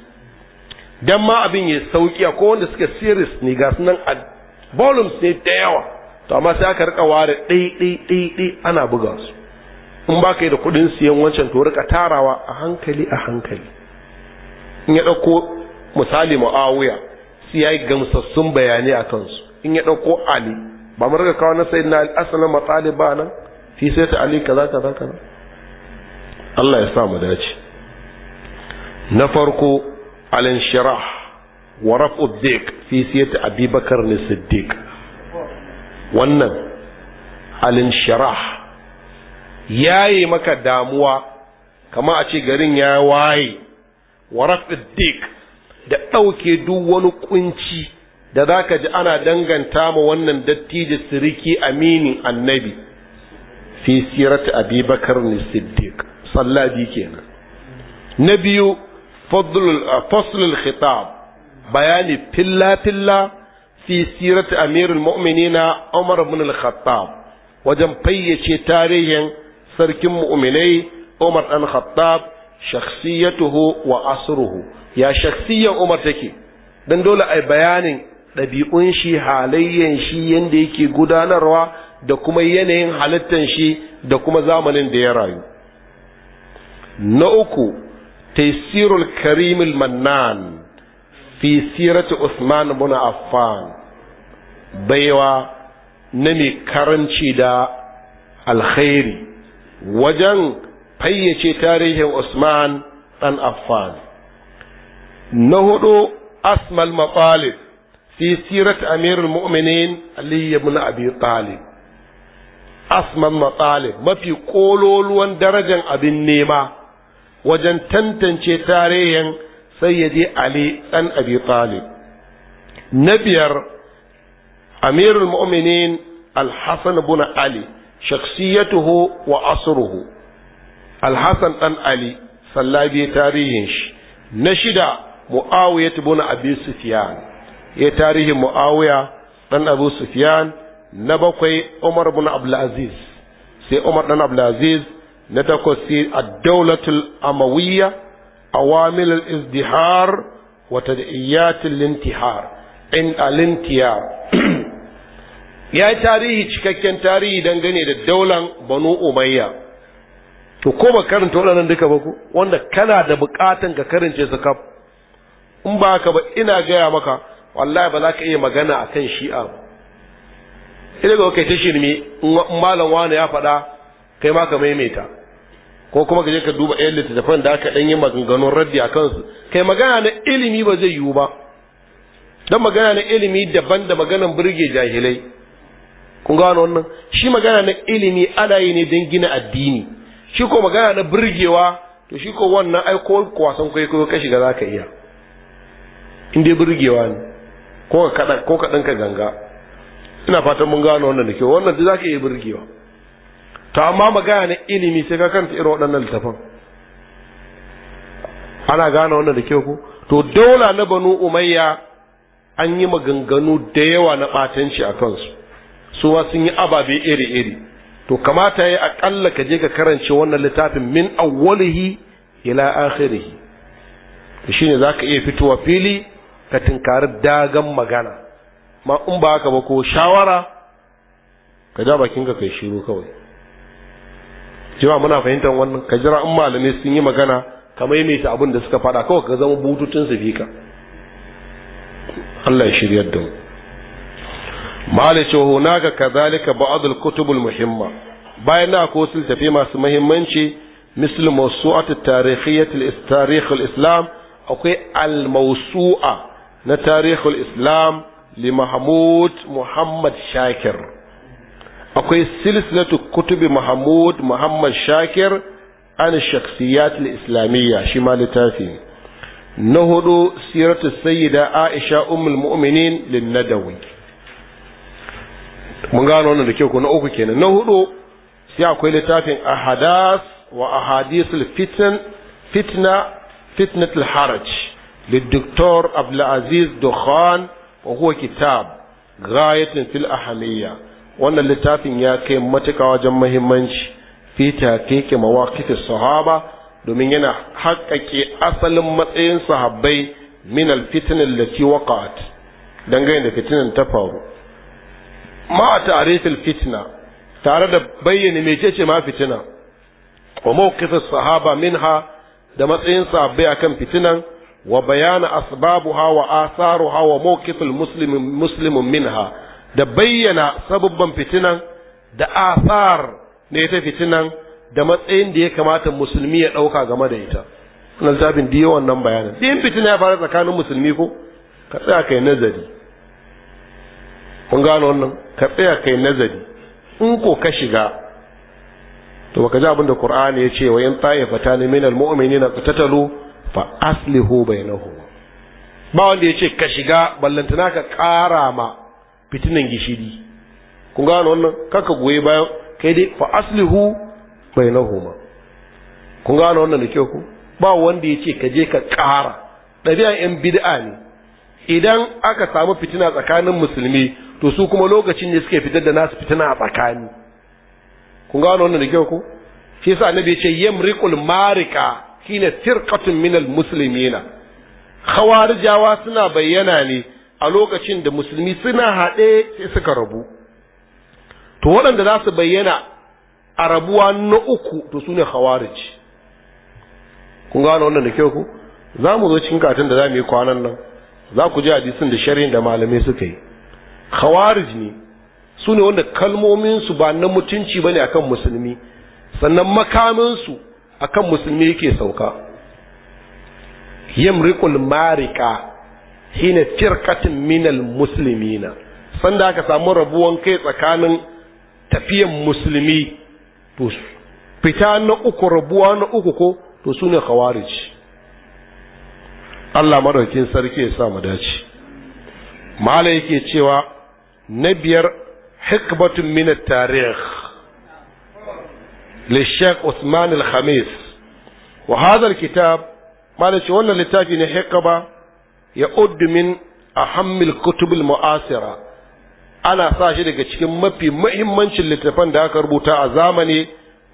dan ma abin ya sauki ko wanda suka series ne ga sunan volumes ne da yawa to amma sai aka rika ware ɗai ɗai ɗai ɗai ana buga su in ba ka da kuɗin siyan wancan to rika tarawa a hankali a hankali in ya ɗauko misali mu'awiya sai ya yi gamsassun bayanai a kansu in ya ɗauko ali ba mu riga kawo na na al-aslam ba nan fi sai ta ali kaza kaza kaza Allah ya sa mu dace na farko alin inshirah wa raf'u dik fi sai ta abubakar ne siddiq wannan al-inshirah yayi maka damuwa kama a ce garin ya waye wa raf'u dik da ɗauke duk wani kunci da za ka ji ana danganta ma wannan dattijo siriki aminin annabi fi sirati abi bakar ne siddiq sallabi kenan na biyu faslul khitab bayani filla filla fi sirati amirul mu'minina umar ibn al-khattab wajen fayyace tarihin sarkin mu'minai umar dan khattab shakhsiyatuhu wa asruhu ya shakhsiyar umar take dan dole ai bayanin ɗabi'un shi halayyan shi yadda yake gudanarwa da kuma yanayin halittar shi da kuma zamanin da ya rayu na uku taisirul karimul mannan fi usman bin affan baiwa na mai karanci da alkhairi wajen fayyace tarihin usman dan affan na hudu asmal maqalib في سيرة أمير المؤمنين علي بن أبي طالب أصمم مطالب ما في قولوا درجة أبي النيمة وجن تنتن تاريخ سيدي علي أن أبي طالب نبير أمير المؤمنين الحسن بن علي شخصيته وأصره الحسن أن علي صلى بي تاريخ نشد معاوية بن أبي سفيان ya tarihin muawiya dan abu sufyan na bakwai umar bin abdulaziz sai umar dan abdulaziz na takwas sai ad amawiyya awamil al-izdihar wa tad'iyat al in al-intiyar ya tarihi cikakken tarihi dangane da daular banu umayya to ko ba karanta waɗannan duka ba ko wanda kana da buƙatan ka karance su kaf in ba ka ba ina gaya maka wallahi ba za ka iya magana a kan shi'a ina ga kai ta shirme in malam wani ya faɗa kai ma ka maimaita ko kuma ka je ka duba ɗayan littattafan da aka ɗan yi maganganun raddi a kansu kai magana na ilimi ba zai yiwu ba don magana na ilimi daban da maganan burge jahilai kun gano wannan shi magana na ilimi ana yi ne don gina addini shi ko magana na burgewa to shi ko wannan ai ko wasan kwaikwayo ka shiga za ka iya in dai burgewa ne ko ka kada ka ɗinka ganga ina fatan mun gano wannan da kyau wannan duk zaka iya burgewa to amma magana na ilimi sai ka kanta irin waɗannan littafan ana gane wannan da kyau ko to daula na banu umayya an yi maganganu da yawa na ɓatanci a kansu su ma sun yi ababe iri-iri to kamata ya akalla ka je ka karance wannan littafin min awwalihi ila akhirihi shine zaka iya fitowa fili ka tunkari dagan magana ma in ba haka ba ko shawara ka ja bakin ka kai shiru kawai jima muna fahimtar wannan ka jira in malamai sun yi magana ka maimaita abin da suka faɗa kawai ka zama bututun su fika Allah ya shiryar da mu malice ka kazalika ba'd al-kutubul muhimma bayan na ko sun tafi masu muhimmanci misl mawsu'at at al-tarikh al-islam akwai al-mawsu'a na tarihul islam li mahmud muhammad shakir akwai silsilatu kutubi mahmud muhammad shakir an shaksiyat islamiyya shi ma littafi na hudu siratu sayyida aisha ummul mu'minin lin nadawi mun gano wannan da kyau ko na uku kenan na hudu sai akwai littafin ahadas wa ahadisul fitna fitnatul haraj للدكتور عبد العزيز دخان وهو كتاب غاية في الأهمية وأن اللتافين يا كي متكا وجم مهمنش في تحقيق مواقف الصحابة domin yana haƙaƙe asalin matsayin sahabbai min alfitinin da ci waƙa'at dangane da fitinan ta faru ma a tarifin fitina tare da bayyana mecece ma fitina sahaba minha da matsayin sahabbai akan fitinan wa bayana asbabuha wa asaruha wa mawqifil muslimin muslimun minha da bayyana sababban fitinan da asar ne ta fitinan da matsayin da ya kamata musulmi ya dauka game da ita wannan zabin da yawan nan bayanin din fitina ya fara tsakanin musulmi ko ka tsaya kai nazari kun gano wannan ka tsaya kai nazari in ko ka shiga to baka ji abin da qur'ani ya ce wa in ta'ifatan minal mu'minina qatatalu fa aslihu bainahuma ba wanda ya ce ka shiga ballantana ka kara ma fitinan gishiri kun gano wannan kaka goye bayan kai dai fa aslihu bainahuma kun gano wannan da kyau ku ba wanda ya ce ka je ka kara ɗabi'an yan bid'a ne idan aka samu fitina tsakanin musulmi to su kuma lokacin ne suke fitar da nasu fitina a tsakani kun gano wannan da kyau ku shi yasa annabi yace yamriqul marika shine firqatun minal muslimina khawarijawa suna bayyana ne a lokacin da musulmi suna haɗe sai suka rabu to waɗanda za su bayyana a rabuwa na uku to su ne khawarij kun gano wannan da kyau ku za mu zo cikin katin da za mu yi kwanan nan za ku ji hadisin da shari'in da malamai suka yi khawarij ne su ne wanda kalmominsu ba na mutunci ba ne akan musulmi sannan makaminsu akan musulmi yake sauka yamriqul marika hina firkatin minal na sanda aka samu rabuwan kai tsakanin tafiyan musulmi to fita na uku rabuwa na uku ko to sune khawarij Allah madaukin sarki ya sa mu dace mala yake cewa na biyar hikmatun mina at للشيخ عثمان الخميس وهذا الكتاب ما لشي ولا لتافي نحقبة يؤد من أهم الكتب المعاصرة أنا ساشي لك شكم مبي مهم منش اللي تفن داك ربوتا زامني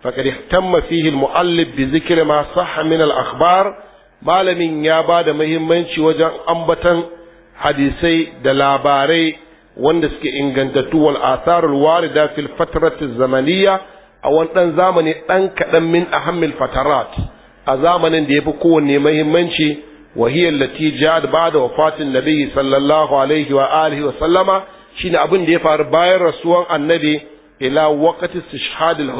فقد اهتم فيه المؤلف بذكر ما صح من الأخبار ما لم يابا مهم منش وجن أنبتن hadisai da labarai wanda suke ingantattu wal asarul warida fil fatrati zamaniya a wani ɗan zamani ɗan kaɗan min hamil fatarat a zamanin da ya fi kowanne mahimmanci wahiyar hiya allati ja'at ba'da wafatin nabiyyi sallallahu alaihi wa alihi wa sallama shine abin da ya faru bayan rasuwan annabi ila wakati istishhad al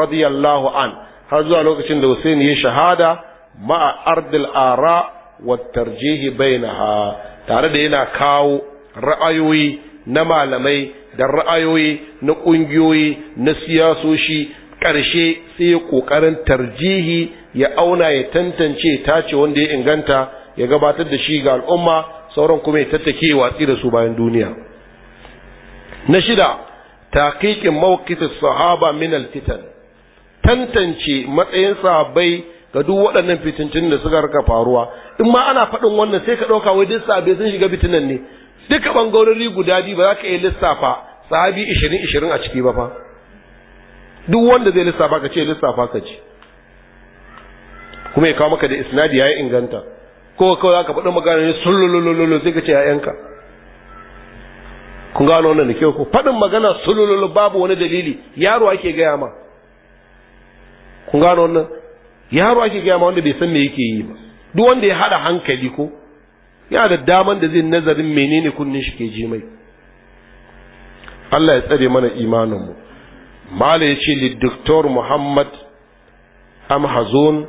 radiyallahu an har zuwa lokacin da Hussein ya shahada ma'a ardil ara wa tarjihi bainaha tare da yana kawo ra'ayoyi na malamai da ra'ayoyi na ƙungiyoyi na siyasoshi ƙarshe sai ya ƙoƙarin tarjihi ya auna ya tantance tace wanda ya inganta ya gabatar da shi ga al'umma sauran kuma ya tattake watsi da su bayan duniya na shida taqiqin mawqifis sahaba min al tantance matsayin sahabbai ga duk waɗannan fitintun da suka rika faruwa in ma ana faɗin wannan sai ka ɗauka wai duk sahabbai sun shiga fitinan ne duka bangarori guda biyu ba za ka iya lissafa sahabi ishirin ishirin a ciki ba fa duk wanda zai lissafa ka ce lissafa ka ce kuma ya kawo maka da isnadi ya yi inganta ko kawai za ka faɗi magana ne sun sululululu sai ka ce ya'yanka kun gano wannan da kyau ko faɗin magana sun sulululu babu wani dalili yaro ake gaya ma kun gano wannan yaro ake gaya ma wanda bai san me yake yi ba duk wanda ya haɗa hankali ko ya da damar da zai nazarin menene kunnen shi ke ji Allah ya tsare mana imanin mu malai ya ce li doktor muhammad am hazun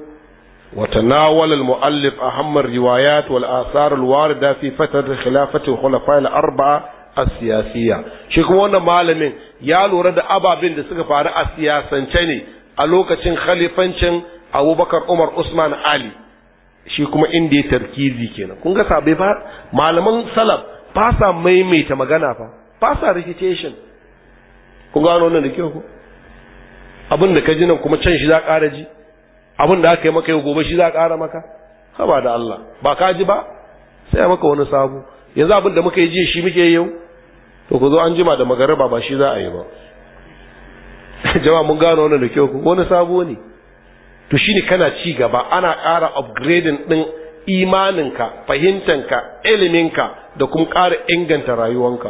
wa tanawal al muallif ahmad riwayat wal athar al warida fi fatar khilafati wa khulafa al arba'a a siyasiyya shi kuma malamin ya lura da ababen da suka faru a siyasance ne a lokacin khalifancin abubakar umar usman ali shi kuma inda ya tarkizi kenan kun ga sabai ba malaman salaf ba sa maimaita magana fa ba sa recitation kun gano wannan da kyau ko abin da ka ji nan kuma can shi za ƙara ji abin da aka yi maka yau gobe shi za ƙara maka haba da Allah ba ka ji ba sai maka wani sabo yanzu abin da muka yi jiya shi muke yau to ku zo an jima da magaraba ba shi za a yi ba jama'a mun gano wannan da kyau ko wani sabo ne to shine kana ci gaba ana ƙara upgrading ɗin imaninka fahimtanka iliminka da kuma ƙara inganta rayuwanka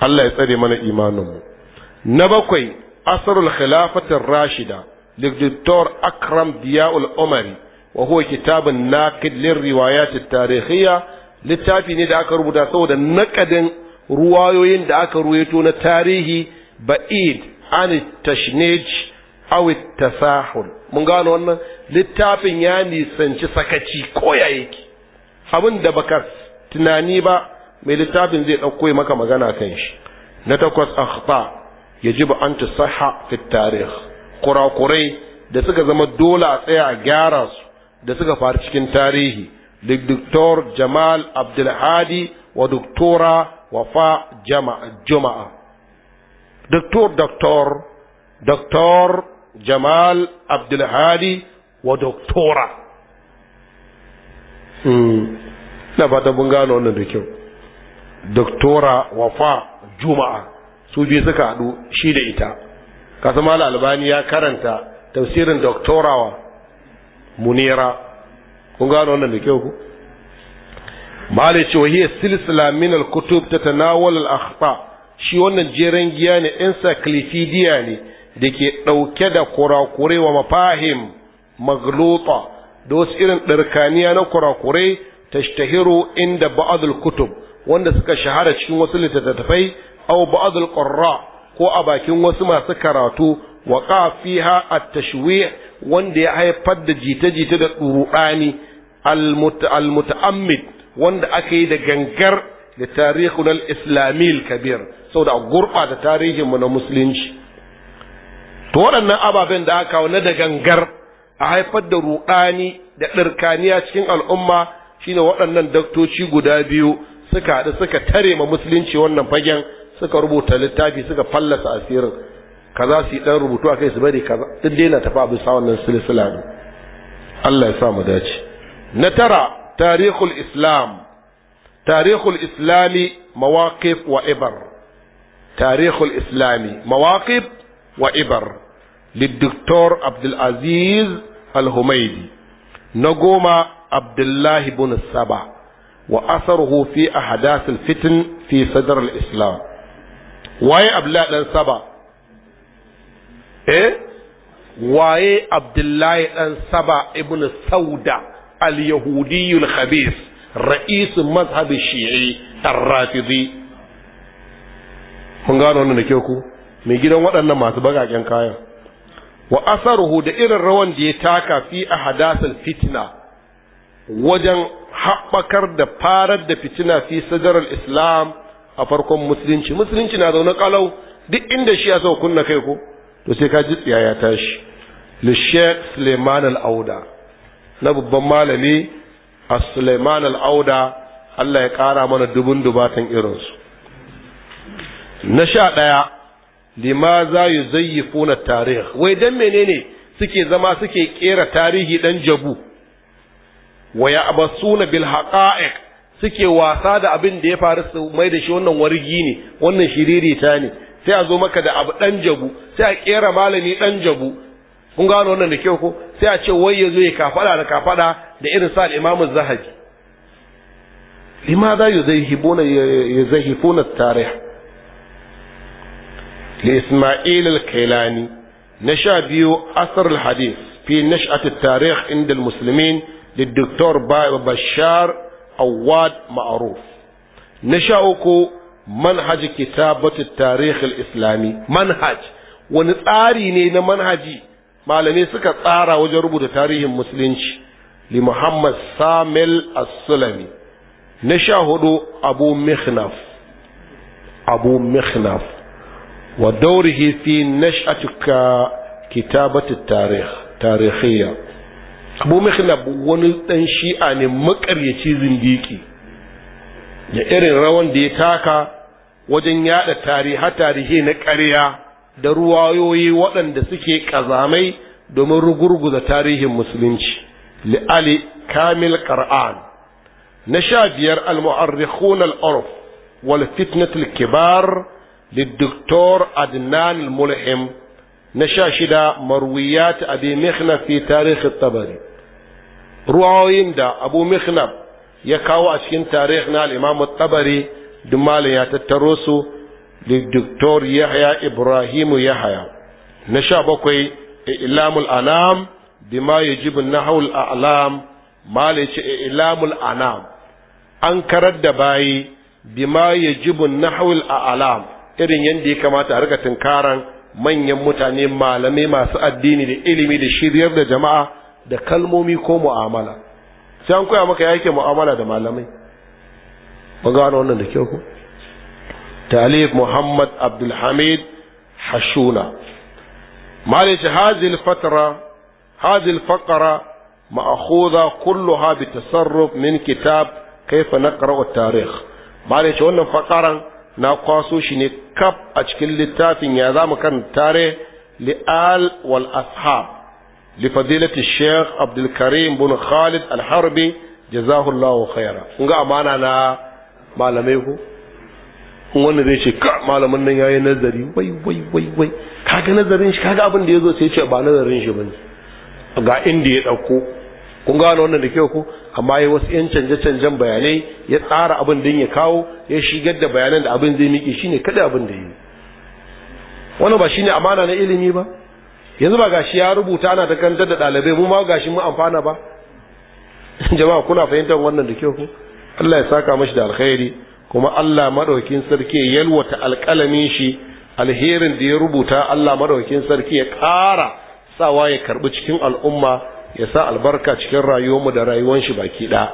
Allah ya tsare mana imaninmu na bakwai asarul khilafatin rashida للدكتور Akram ضياء الأمري وهو كتاب ناقد للروايات التاريخية littafi ne da aka rubuta saboda nakadin ruwayoyin da aka ruwaito na tarihi ba'id an tashnij awit tasahul mun gano wannan littafin ya nisanci sakaci ko ya yake abin da baka tunani ba mai littafin zai ɗauko maka magana kan shi na takwas akhta yajibu an tusaha fi tarikh kurakurai da suka zama dole a tsaya a gyara su da suka faru cikin tarihi Dr. Jamal Abdulhadi wa Doktora Wafa Juma'a. Dr. Dr. Dr. jamal abdulhadi wa doktora hmm. na fata mun gano wannan da kyau doktora wafa juma'a su biyu suka haɗu shi da ita kasamala albani ya karanta tafsirin doktorawa munira kun gano wannan da kyau ku malai ce wa hiya silsila min al-kutub tatanawal al-akhta shi wannan jeren giya ne encyclopedia ne da ke ɗauke da kurakurai wa mafahim magluta da wasu irin ɗarkaniya na kurakurai tashtahiru inda ba'adul kutub wanda suka shahara cikin wasu littattafai aw ba'adul ƙorra ko a bakin wasu masu karatu wa qafiha at-tashwi' wanda ya haifar da jita-jita da tsurani al-muta'ammid wanda aka yi da gangar da tarihun al-islamil kabir saboda gurɓata tarihin mu na musulunci to waɗannan ababen da aka kawo na da gangar a haifar da ruɗani da ɗirkaniya cikin al'umma shine waɗannan daktoci guda biyu suka haɗu suka tare ma musulunci wannan fagen suka rubuta littafi suka fallasa asirin kaza su yi ɗan rubutu a kai su bari kaza duk dai na tafi abin wannan silsila ne Allah ya sa mu dace na tara tarihul islam tarihul islami mawaqif wa ibar tarihul islami mawaqif wa ibar للدكتور عبد العزيز الهميدي نقوم عبد الله بن السبع وأثره في أحداث الفتن في صدر الإسلام waye abdullahi dan saba eh waye abdullahi dan saba ibn sauda al-yahudi al-khabith ra'is mazhab shi'i ar-rafidi kun gano wannan da ke ku mai gidan waɗannan masu bagaken kayan wa asaruhu da irin rawan da ya taka fi a hadasan fitina wajen haɓakar da farar da fitina fi sadarar islam a farkon musulunci musulunci na zaune kalau duk inda shi ya sau kunna kai ko to sai ka ji tsiyaya tashi sheikh suleiman al al-auda na babban malami a suleiman al auda allah ya ƙara mana dubun dubatan irinsu na sha ɗaya lima za yi zayyifuna tarih wai dan menene suke zama suke kera tarihi dan jabu wa ya'basuna bil haqa'iq suke wasa da abin da ya faru su mai da shi wannan wargi ne wannan shiririta ne sai a zo maka da abu dan jabu sai a kera malami dan jabu kun gano wannan da kyau ko sai a ce wai yazo ya kafada da kafada da irin sa al-Imam Zahabi lima za yuzahibuna yuzahifuna tarih da ismail al-kailani na sha biyu asar al-hadis fi nash'at at-tarikh inda al-muslimin للدكتور بشار عواد معروف نشأكو منهج islami manhaj wani tsari ne نينا manhaji malamai suka tsara wajen rubuta tarihin musulunci li Muhammad Samil As-Sulami na sha hudu Abu Mikhnaf Abu mihnaf wa daurihi fi nash'atika kitabatu tarikh abu mikhlab wani ɗan shi'a ne makaryaci zindiki Da irin rawan da ya taka wajen yada tariha tarihi na ƙarya da ruwayoyi waɗanda suke ƙazamai domin rugurguza tarihin musulunci li'ali kamil kar'an na sha biyar al-mu'arrikhun al-urf wal fitnatul kibar للدكتور عدنان الملحم نشاشدة مرويات أبي مخنف في تاريخ الطبري رواوين دا أبو مخنف يكاو أشكين تاريخنا الإمام الطبري دمالي يتترسو للدكتور يحيى إبراهيم يحيى نشابكوي إعلام الأنام بما يجب النحو الأعلام مالي إعلام الأنام أنكرت دباي بما يجب النحو الأعلام irin yadda ya kamata a rika tunkaran manyan mutane malamai masu addini da ilimi da shiryar da jama'a da kalmomi ko mu'amala sai an koya maka yake mu'amala da malamai mun gano wannan da kyau ko talib muhammad abdulhamid hashuna malish hadhihi fatara hazil fakara kullu faqra kulluha bi tasarruf min kitab kaifa naqra'u at-tarikh malish wannan fakaran na kwaso shi ne kaf a cikin littafin ya zamu kan tare li'al wal ashab li fadilati sheikh abdul karim bin khalid al harbi jazahu allah khaira kun ga amana na malamai ku wanda zai ce ka malamin nan yayi nazari wai wai wai wai kaga nazarin shi kaga abin da yazo sai ya ce ba nazarin shi bane ga inda ya dauko kun ga wannan da kyau ko amma ya wasu yan canje-canjen bayanai ya tsara abin da ya kawo ya shigar da bayanan da abin zai miƙe shine kada abin da yi wannan ba shine amana na ilimi ba yanzu ba gashi ya rubuta ana ta kantar da ɗalibai mu ma gashi mu amfana ba jama'a kuna fahimtar wannan da kyau ko Allah ya saka mashi da alkhairi kuma Allah madaukakin sarki ya yalwata alƙalamin shi alherin da ya rubuta Allah madaukakin sarki ya ƙara sawa ya karbi cikin al'umma ya sa albarka cikin rayuwarmu da rayuwar shi baki ɗaya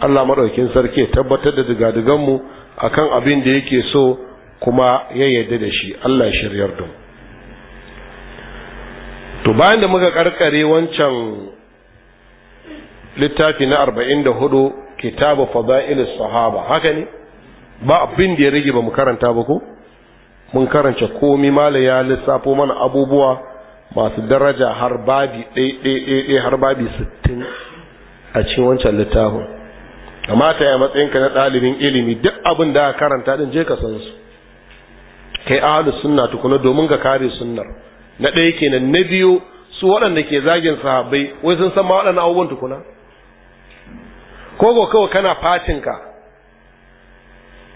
Allah maɗaukin sarki ya tabbatar da digadigan mu akan abin da yake so kuma ya yarda da shi Allah ya shiryar da to bayan da muka karkare wancan littafi na 44 kitabu fada'il sahaba haka ne ba abin da ya rage ba mu karanta ba ko mun karanta komai mala ya lissafo mana abubuwa masu daraja har babi ɗaiɗaiɗaiɗai har babi sittin a cikin wancan littafin kamata ya matsayinka na ɗalibin ilimi duk abin da aka karanta ɗin je ka san su kai ahalus sunna tukuna domin ka kare sunnar na ɗaya kenan na biyu su waɗanda ke zagin sahabbai wai sun san ma waɗannan abubuwan tukuna ko kawai kana fatinka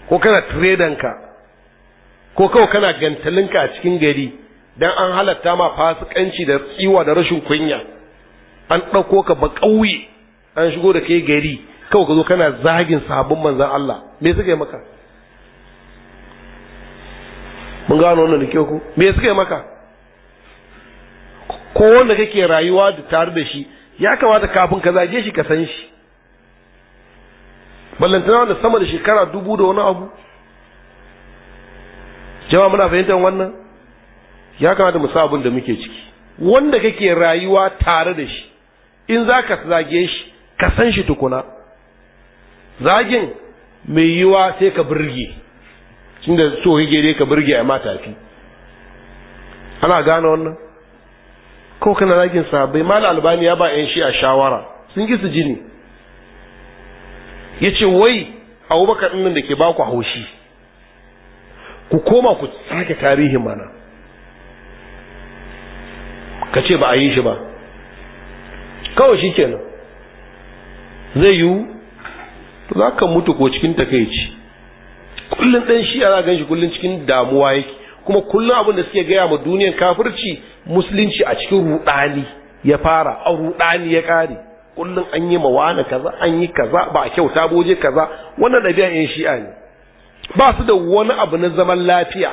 ko kana tiredanka ko kawai kana gantalinka a cikin gari dan an halatta ma fasikanci da tsiwa da rashin kunya an ɗauko ka ba ƙauye an shigo da kai gari kawai ka zo kana zagin sabon manzan Allah me suka yi maka mun gano wannan da ke ku me suka yi maka ko wanda kake rayuwa da tare da shi ya kamata kafin ka zage shi ka san shi ballantana da sama da shekara dubu da wani abu jama'a muna fahimtar wannan ya kamata mu sa abin da muke ciki wanda kake rayuwa tare da shi in za ka zage shi ka san shi tukuna zagin mai yiwa sai ka birge da so hige dai ka birge a matafi ana gane wannan ko kana zagin sahabbai mal albani ya ba yan shi a shawara sun ki su jini ya ce wai abubakar nan da ke ku haushi ku koma ku sake tarihin mana ka ce ba a yi shi ba kawai shi kenan zai yiwu to za ka mutu ko cikin takaici kullum ɗan shi ana gan shi kullum cikin damuwa yake kuma kullum abin da suke gaya ma duniyan kafirci musulunci a cikin rudani ya fara a rudani ya kare kullum an yi mawana kaza an yi kaza ba a kyauta boje kaza wannan biyan yan shi'a ne ba su da wani abu na zaman lafiya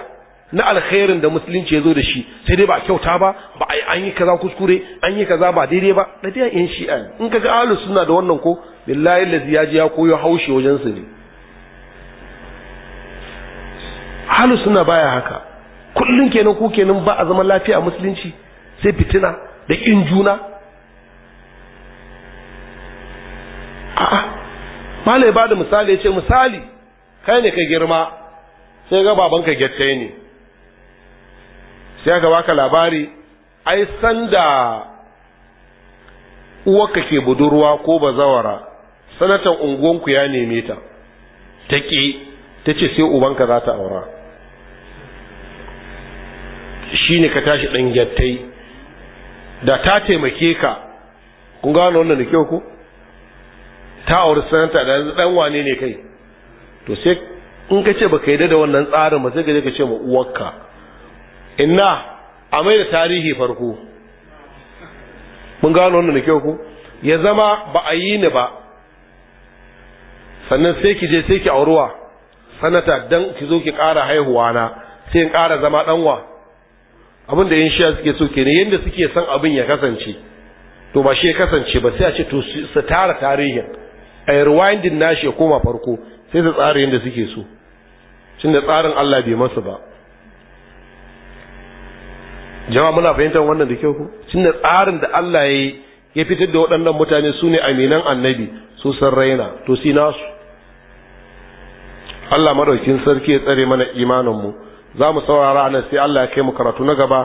na alkhairin da musulunci ya zo da shi sai dai ba kyauta ba ba a an yi kaza kuskure an yi kaza ba daidai ba ɗabi'a yan shi'a in ka ga ahlus sunna da wannan ko billahi allazi ya ji ya koyo haushi wajen su ne ahlus sunna baya haka kullun kenan ku kenan ba a zaman lafiya a musulunci sai fitina da kin juna a'a malai ba da misali ya ce misali kai ne ka girma sai ga babanka gyatta ne sai ga baka labari ai sanda uwarka ke budurwa ko bazawara sanatan unguwanku ya neme ta ta ƙi ta ce sai ubanka za ta aura shi ne ka tashi ɗan gyattai da ta taimake ka kun gano wannan da kyau ko ta auri sanata da yanzu ɗan wane ne kai to sai in ka ce baka yi da wannan tsarin ba sai ka je ka ce ma uwarka inna a mai da tarihi farko mun gano wannan da kyau ku ya zama ba a yi ni ba sannan sai ki je sai ki auruwa sanata dan ki zo ki ƙara haihuwa na sai in ƙara zama danwa abin da yin suke so kenan yadda suke son abin ya kasance to ba shi ya kasance ba sai a ce to su tara tarihin a rewinding nashi ya koma farko sai su tsara yadda suke so tunda tsarin Allah bai masu ba jama'a muna fahimtar wannan da kyau ku tunda tsarin da Allah ya yi ya fitar da waɗannan mutane su ne aminan annabi su san raina to si nasu Allah madaukin sarki ya tsare mana imanin mu za mu saurara anan sai Allah ya kai mu karatu na gaba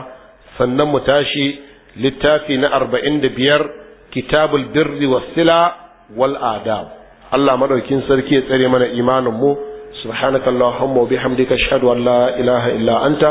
sannan mu tashi littafi na arba'in da biyar kitabul birri wasila wal adab Allah madaukin sarki ya tsare mana imanin mu subhanakallahumma wa bihamdika ashhadu an la ilaha illa anta